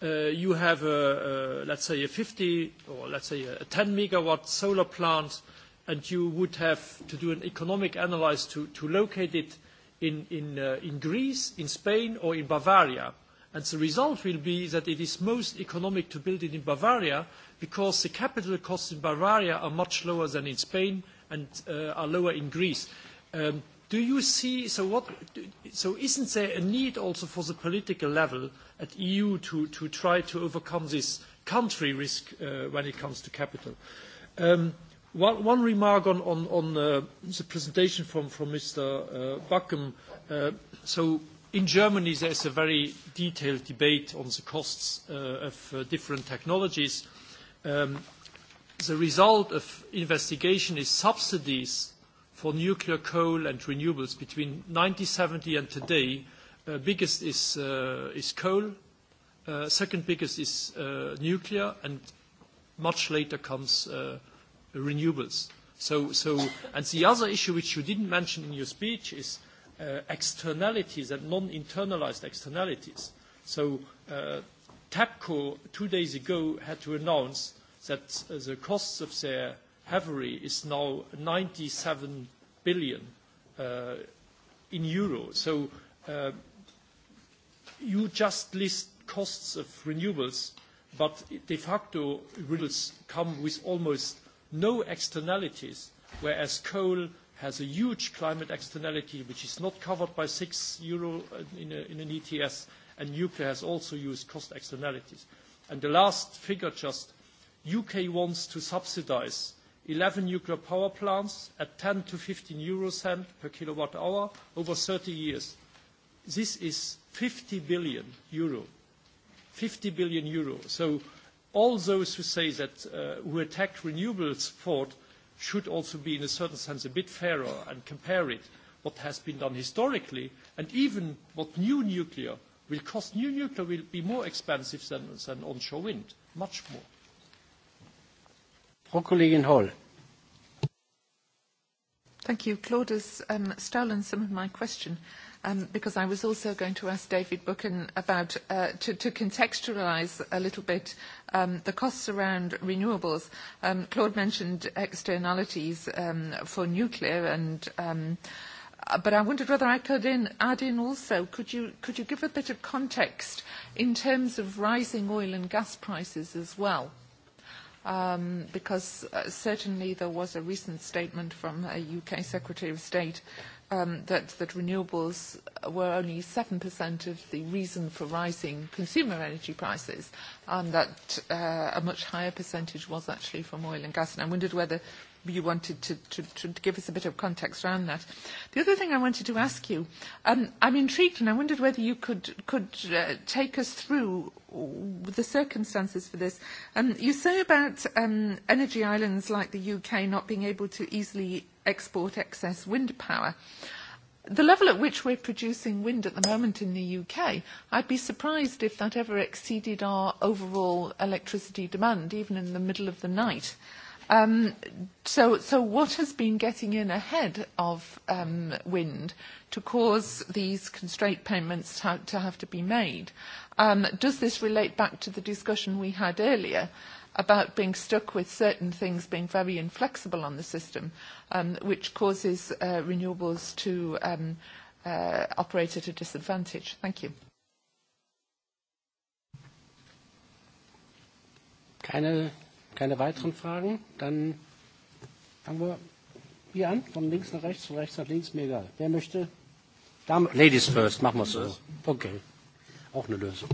uh, you have, a, a, let's say, a 50 or let's say a 10 megawatt solar plant, and you would have to do an economic analysis to, to locate it in, in, uh, in Greece, in Spain, or in Bavaria. And the result will be that it is most economic to build it in Bavaria because the capital costs in Bavaria are much lower than in Spain and uh, are lower in Greece. Um, Do you see, so what, so isn't there a need also for the political level at EU to, to try to overcome this country risk uh, when it comes to capital? Um, one, one remark on, on, on uh, the presentation from, from Mr. Uh, Buckham. Uh, so in Germany there is a very detailed debate on the costs uh, of uh, different technologies. Um, the result of investigation is subsidies for nuclear coal and renewables between 1970 and today, uh, biggest is, uh, is coal, uh, second biggest is uh, nuclear, and much later comes uh, renewables. So, so, and the other issue which you didn't mention in your speech is uh, externalities and non-internalized externalities. So uh, TAPCO two days ago had to announce that uh, the costs of their uh, Avery is now 97 billion uh, in euro. So uh, you just list costs of renewables, but de facto renewables come with almost no externalities, whereas coal has a huge climate externality which is not covered by 6 euro uh, in, a, in an ETS, and nuclear has also used cost externalities. And the last figure just, UK wants to subsidize 11 nuclear power plants at 0.10-0.15 per kilowatt-hour over 30 years. This is 50 billion euro. 50 billion euro. So all those who say that, uh, who attack renewables support should also be, in a certain sense, a bit fairer and compare it, what has been done historically, and even what new nuclear will cost. New nuclear will be more expensive than, than onshore wind, much more.
Frau Kollegin
Hall. Thank you. Claude has um, stolen some of my question um, because I was also going to ask David Buchan about uh, to, to contextualise a little bit um, the costs around renewables. Um, Claude mentioned externalities um, for nuclear and. Um, but I wondered whether I could in, add in also, could you, could you give a bit of context in terms of rising oil and gas prices as well? um, because uh, certainly there was a recent statement from a UK Secretary of State um, that, that renewables were only 7% of the reason for rising consumer energy prices, and that uh, a much higher percentage was actually from oil and gas. And I wondered whether you wanted to, to, to give us a bit of context around that. The other thing I wanted to ask you, um, I'm intrigued and I wondered whether you could, could uh, take us through the circumstances for this. Um, you say about um, energy islands like the UK not being able to easily export excess wind power. The level at which we're producing wind at the moment in the UK, I'd be surprised if that ever exceeded our overall electricity demand, even in the middle of the night. Uh, Um, so, so what has been getting in ahead of um, wind to cause these constraint payments to, to have to be made? Um, does this relate back to the discussion we had earlier about being stuck with certain things being very inflexible on the system, um, which causes uh, renewables to um, uh, operate at a disadvantage? Thank you.
Keine Keine weiteren Fragen? Dann fangen wir hier an, von links nach rechts, von rechts nach links, mir egal. Wer möchte? Dame, Ladies first, machen wir es so. Okay, auch eine Lösung.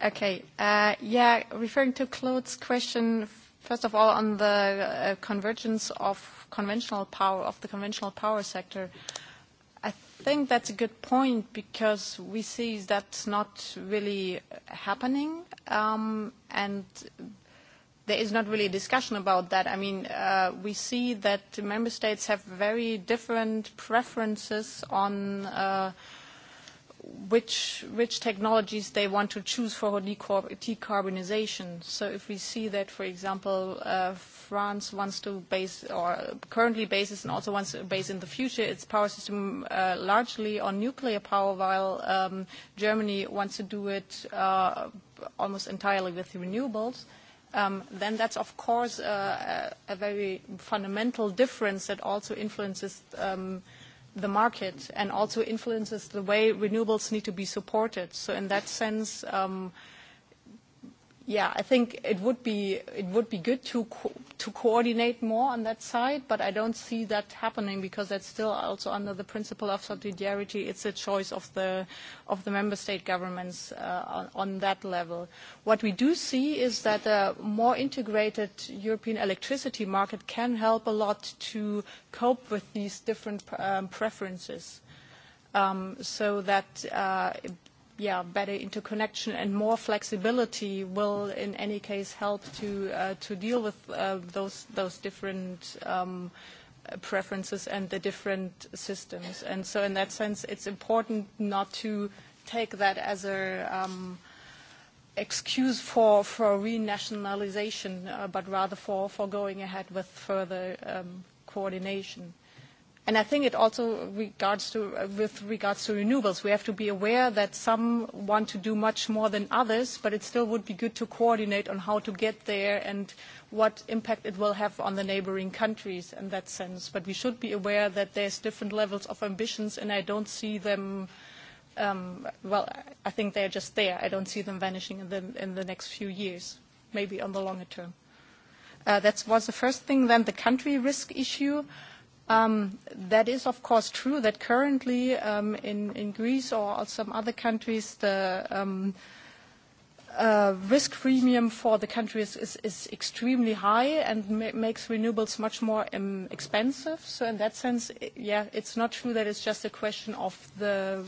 Okay, uh, yeah, referring to Claude's question, first of all, on the uh, convergence of conventional power, of the conventional power sector. Uh, think that's a good point because we see that's not really happening, um, and there is not really a discussion about that. I mean, uh, we see that member states have very different preferences on uh, which which technologies they want to choose for decarbonization. So if we see that, for example, uh, France wants to base, or currently bases and also wants to base in the future, its power system uh, largely on nuclear power, while um, Germany wants to do it uh, almost entirely with renewables. Um, then that's of course uh, a, a very fundamental difference that also influences um, the market and also influences the way renewables need to be supported. So in that sense, um, uh, Yeah, I think it would be, it would be good to, co to coordinate more on that side, but I don't see that happening because that's still also under the principle of subsidiarity. It's a choice of the, of the member state governments uh, on, on that level. What we do see is that a more integrated European electricity market can help a lot to cope with these different um, preferences. Um, so that uh, yeah, better interconnection and more flexibility will, in any case, help to uh, to deal with uh, those those different um, preferences and the different systems. And so, in that sense, it's important not to take that as a um, excuse for for renationalization, uh, but rather for for going ahead with further um, coordination. Uh, And I think it also regards to, uh, with regards to renewables, we have to be aware that some want to do much more than others, but it still would be good to coordinate on how to get there and what impact it will have on the neighboring countries in that sense. But we should be aware that there's different levels of ambitions, and I don't see them, um, well, I think they're just there. I don't see them vanishing in the, in the next few years, maybe on the longer term. Uh, that was the first thing. Then the country risk issue. Uh, Um, that is, of course, true that currently um, in, in Greece or some other countries, the um, uh, risk premium for the country is, is, is extremely high and ma makes renewables much more um, expensive. So in that sense, it, yeah, it's not true that it's just a question of the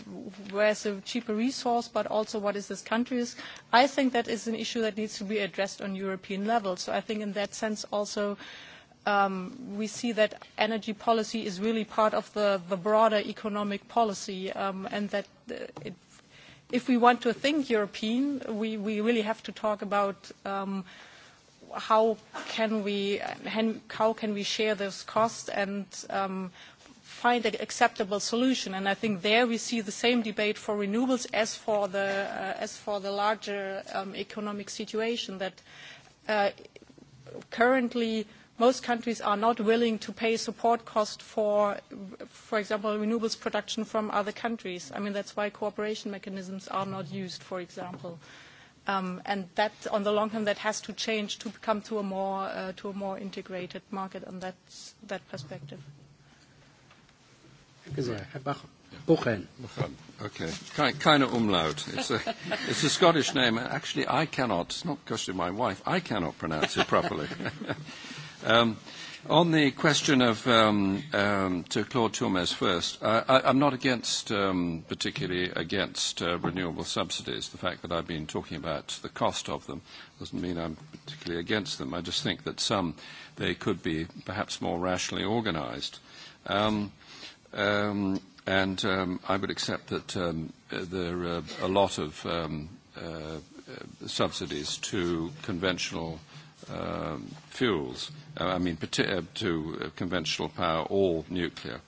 where's a cheaper resource, but also what is this country's. I think that is an issue that needs to be addressed on European level. So I think in that sense also uh, um, we see that energy policy is really part of the, the broader economic policy um, and that uh, it, if we want to think European, we, we really have to talk about um, how can we how can we share this cost and um, find an acceptable solution. And I think there we see the same debate for renewables as for the uh, as for the larger um, economic situation that uh, currently most countries are not willing to pay support cost for, for example, renewables production from other countries. I mean, that's why cooperation mechanisms are not used, for example. Um, and that, on the long term, that has to change to come to a more, uh, to a more integrated market on that, that perspective.
Buchanan. Okay, kind, kind of umlaut. It's a, [laughs] it's a Scottish name. Actually, I cannot, it's not because of my wife, I cannot pronounce it properly. [laughs] Um, on the question of um, um, to Claude Turmes first, I, I, I'm not against, um, particularly against uh, renewable subsidies. The fact that I've been talking about the cost of them doesn't mean I'm particularly against them. I just think that some they could be perhaps more rationally organised. Um, um, and um, I would accept that um, there are a lot of um, uh, uh subsidies to conventional uh, fuels, uh, I mean, uh, to uh, conventional power or nuclear.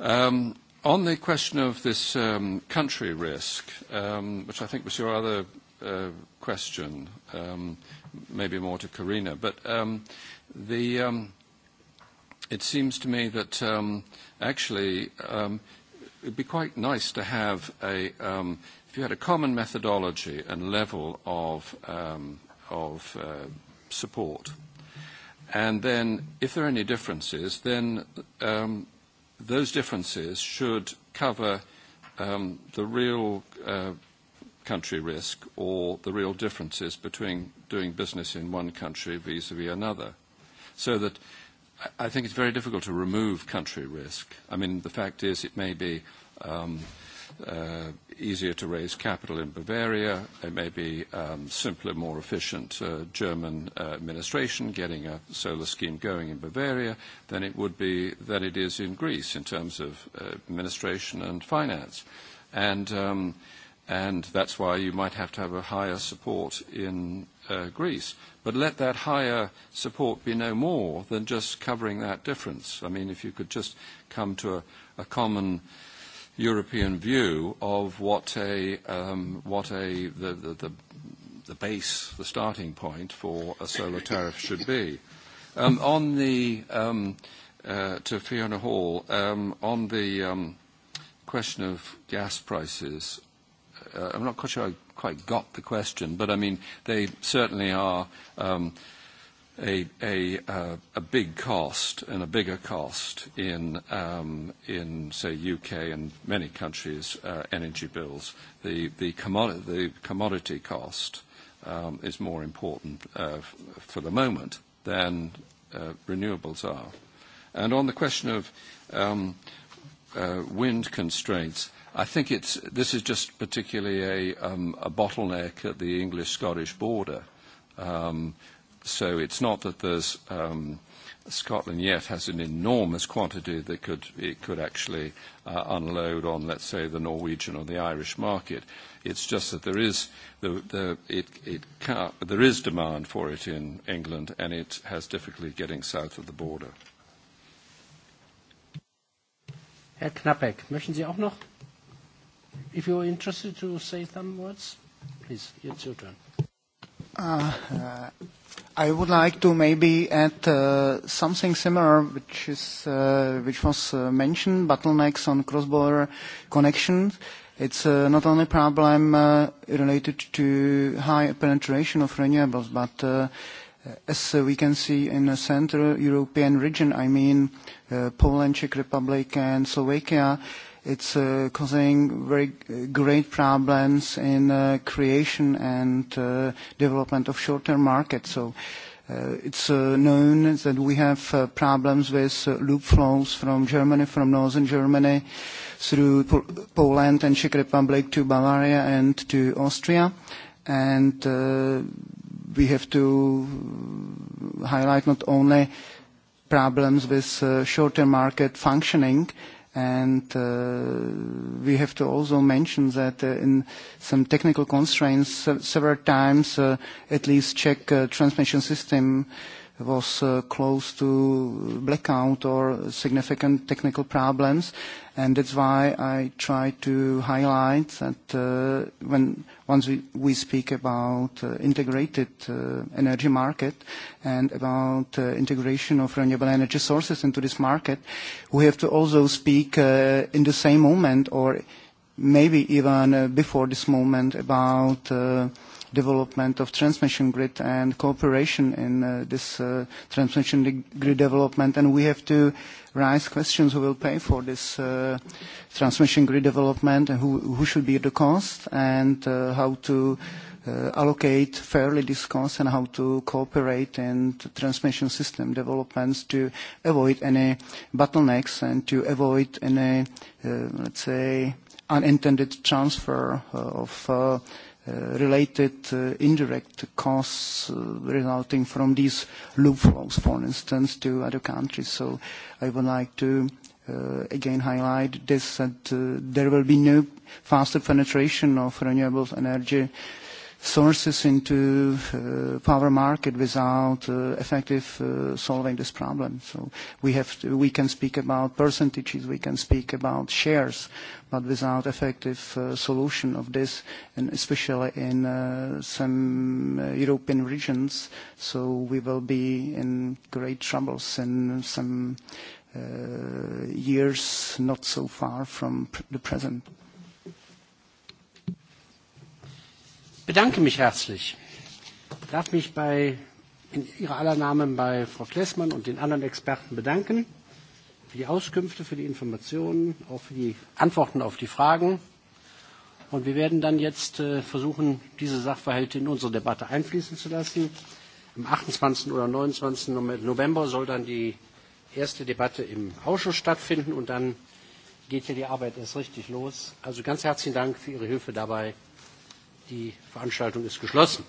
Um, on the question of this um, country risk, um, which I think was your other uh, question, um, maybe more to Karina, but um, the, um, it seems to me that um, actually um, it would be quite nice to have a, um, if you had a common methodology and level of, um, of uh, support. And then, if there are any differences, then um, those differences should cover um, the real uh, country risk or the real differences between doing business in one country vis-à-vis -vis another. So that I think it's very difficult to remove country risk. I mean, the fact is it may be um, – uh, easier to raise capital in Bavaria. It may be um, simpler, more efficient uh, German uh, administration getting a solar scheme going in Bavaria than it would be than it is in Greece in terms of uh, administration and finance, and um, and that's why you might have to have a higher support in uh, Greece. But let that higher support be no more than just covering that difference. I mean, if you could just come to a, a common uh, European view of what a um, what a the, the, the the base, the starting point for a solar tariff should be. Um, on the um, uh, to Fiona Hall um, on the um, question of gas prices. Uh, I'm not quite sure I quite got the question, but I mean they certainly are. Um, a, a, uh, a big cost and a bigger cost in, um, in say, U.K. and many countries' uh, energy bills. The, the, commodi the commodity cost um, is more important uh, for the moment than uh, renewables are. And on the question of um, uh, wind constraints, I think it's, this is just particularly a, um, a bottleneck at the English-Scottish border um, So it's not that there's um, Scotland yet has an enormous quantity that could, it could actually uh, unload on, let's say, the Norwegian or the Irish market. It's just that there is, the, the, it, it can, there is demand for it in England, and it has difficulty getting south of the border.
Herr Knappeck, möchten Sie auch noch? If you're interested to say some words, please, it's your turn.
Uh, uh, I would like to maybe add uh, something similar, which is uh, which was uh, mentioned, bottlenecks on cross-border connections. It's uh, not only problem uh, related to high penetration of renewables, but uh, as uh, we can see in the Central European region, I mean uh, Poland, Czech Republic, and Slovakia, uh, It's uh, causing very uh, great problems in uh, creation and uh, development of short-term markets. So uh, it's uh, known that we have uh, problems with uh, loop flows from Germany, from northern Germany, through Pol Poland and Czech Republic to Bavaria and to Austria. And uh, we have to highlight not only problems with uh, short-term market functioning, uh, And uh, we have to also mention that uh, in some technical constraints, uh, several times, uh, at least Czech uh, transmission system uh, was uh, close to blackout or significant technical problems. And that's why I try to highlight that uh, when once we, we speak about uh, integrated uh, energy market and about uh, integration of renewable energy sources into this market, we have to also speak uh, in the same moment or maybe even uh, before this moment about uh, development of transmission grid and cooperation in uh, this uh, transmission grid development. And we have to raise questions who will pay for this uh, transmission grid development and who, who should be the cost and uh, how to uh, allocate fairly this cost and how to cooperate in transmission system developments to avoid any bottlenecks and to avoid any, uh, let's say, unintended transfer uh, of uh, Uh, related uh, indirect costs uh, resulting from these loop flows, for instance, to other countries. So I would like to Uh, again highlight this, that uh, there will be no faster penetration of renewable energy sources into uh, power market without uh, effective uh, solving this problem. So we have to, we can speak about percentages, we can speak about shares, but without effective uh, solution of this, and especially in uh, some uh, European regions, so we will be in great troubles in some uh, years not so far from pr the present.
bedanke mich herzlich. Ich darf mich bei, in Ihrer aller Namen bei Frau Klessmann und den anderen Experten bedanken für die Auskünfte, für die Informationen, auch für die Antworten auf die Fragen. Und wir werden dann jetzt äh, versuchen, diese Sachverhalte in unsere Debatte einfließen zu lassen. Am 28. oder 29. November soll dann die erste Debatte im Ausschuss stattfinden und dann geht hier die Arbeit erst richtig los. Also ganz herzlichen Dank für Ihre Hilfe dabei Die Veranstaltung ist geschlossen.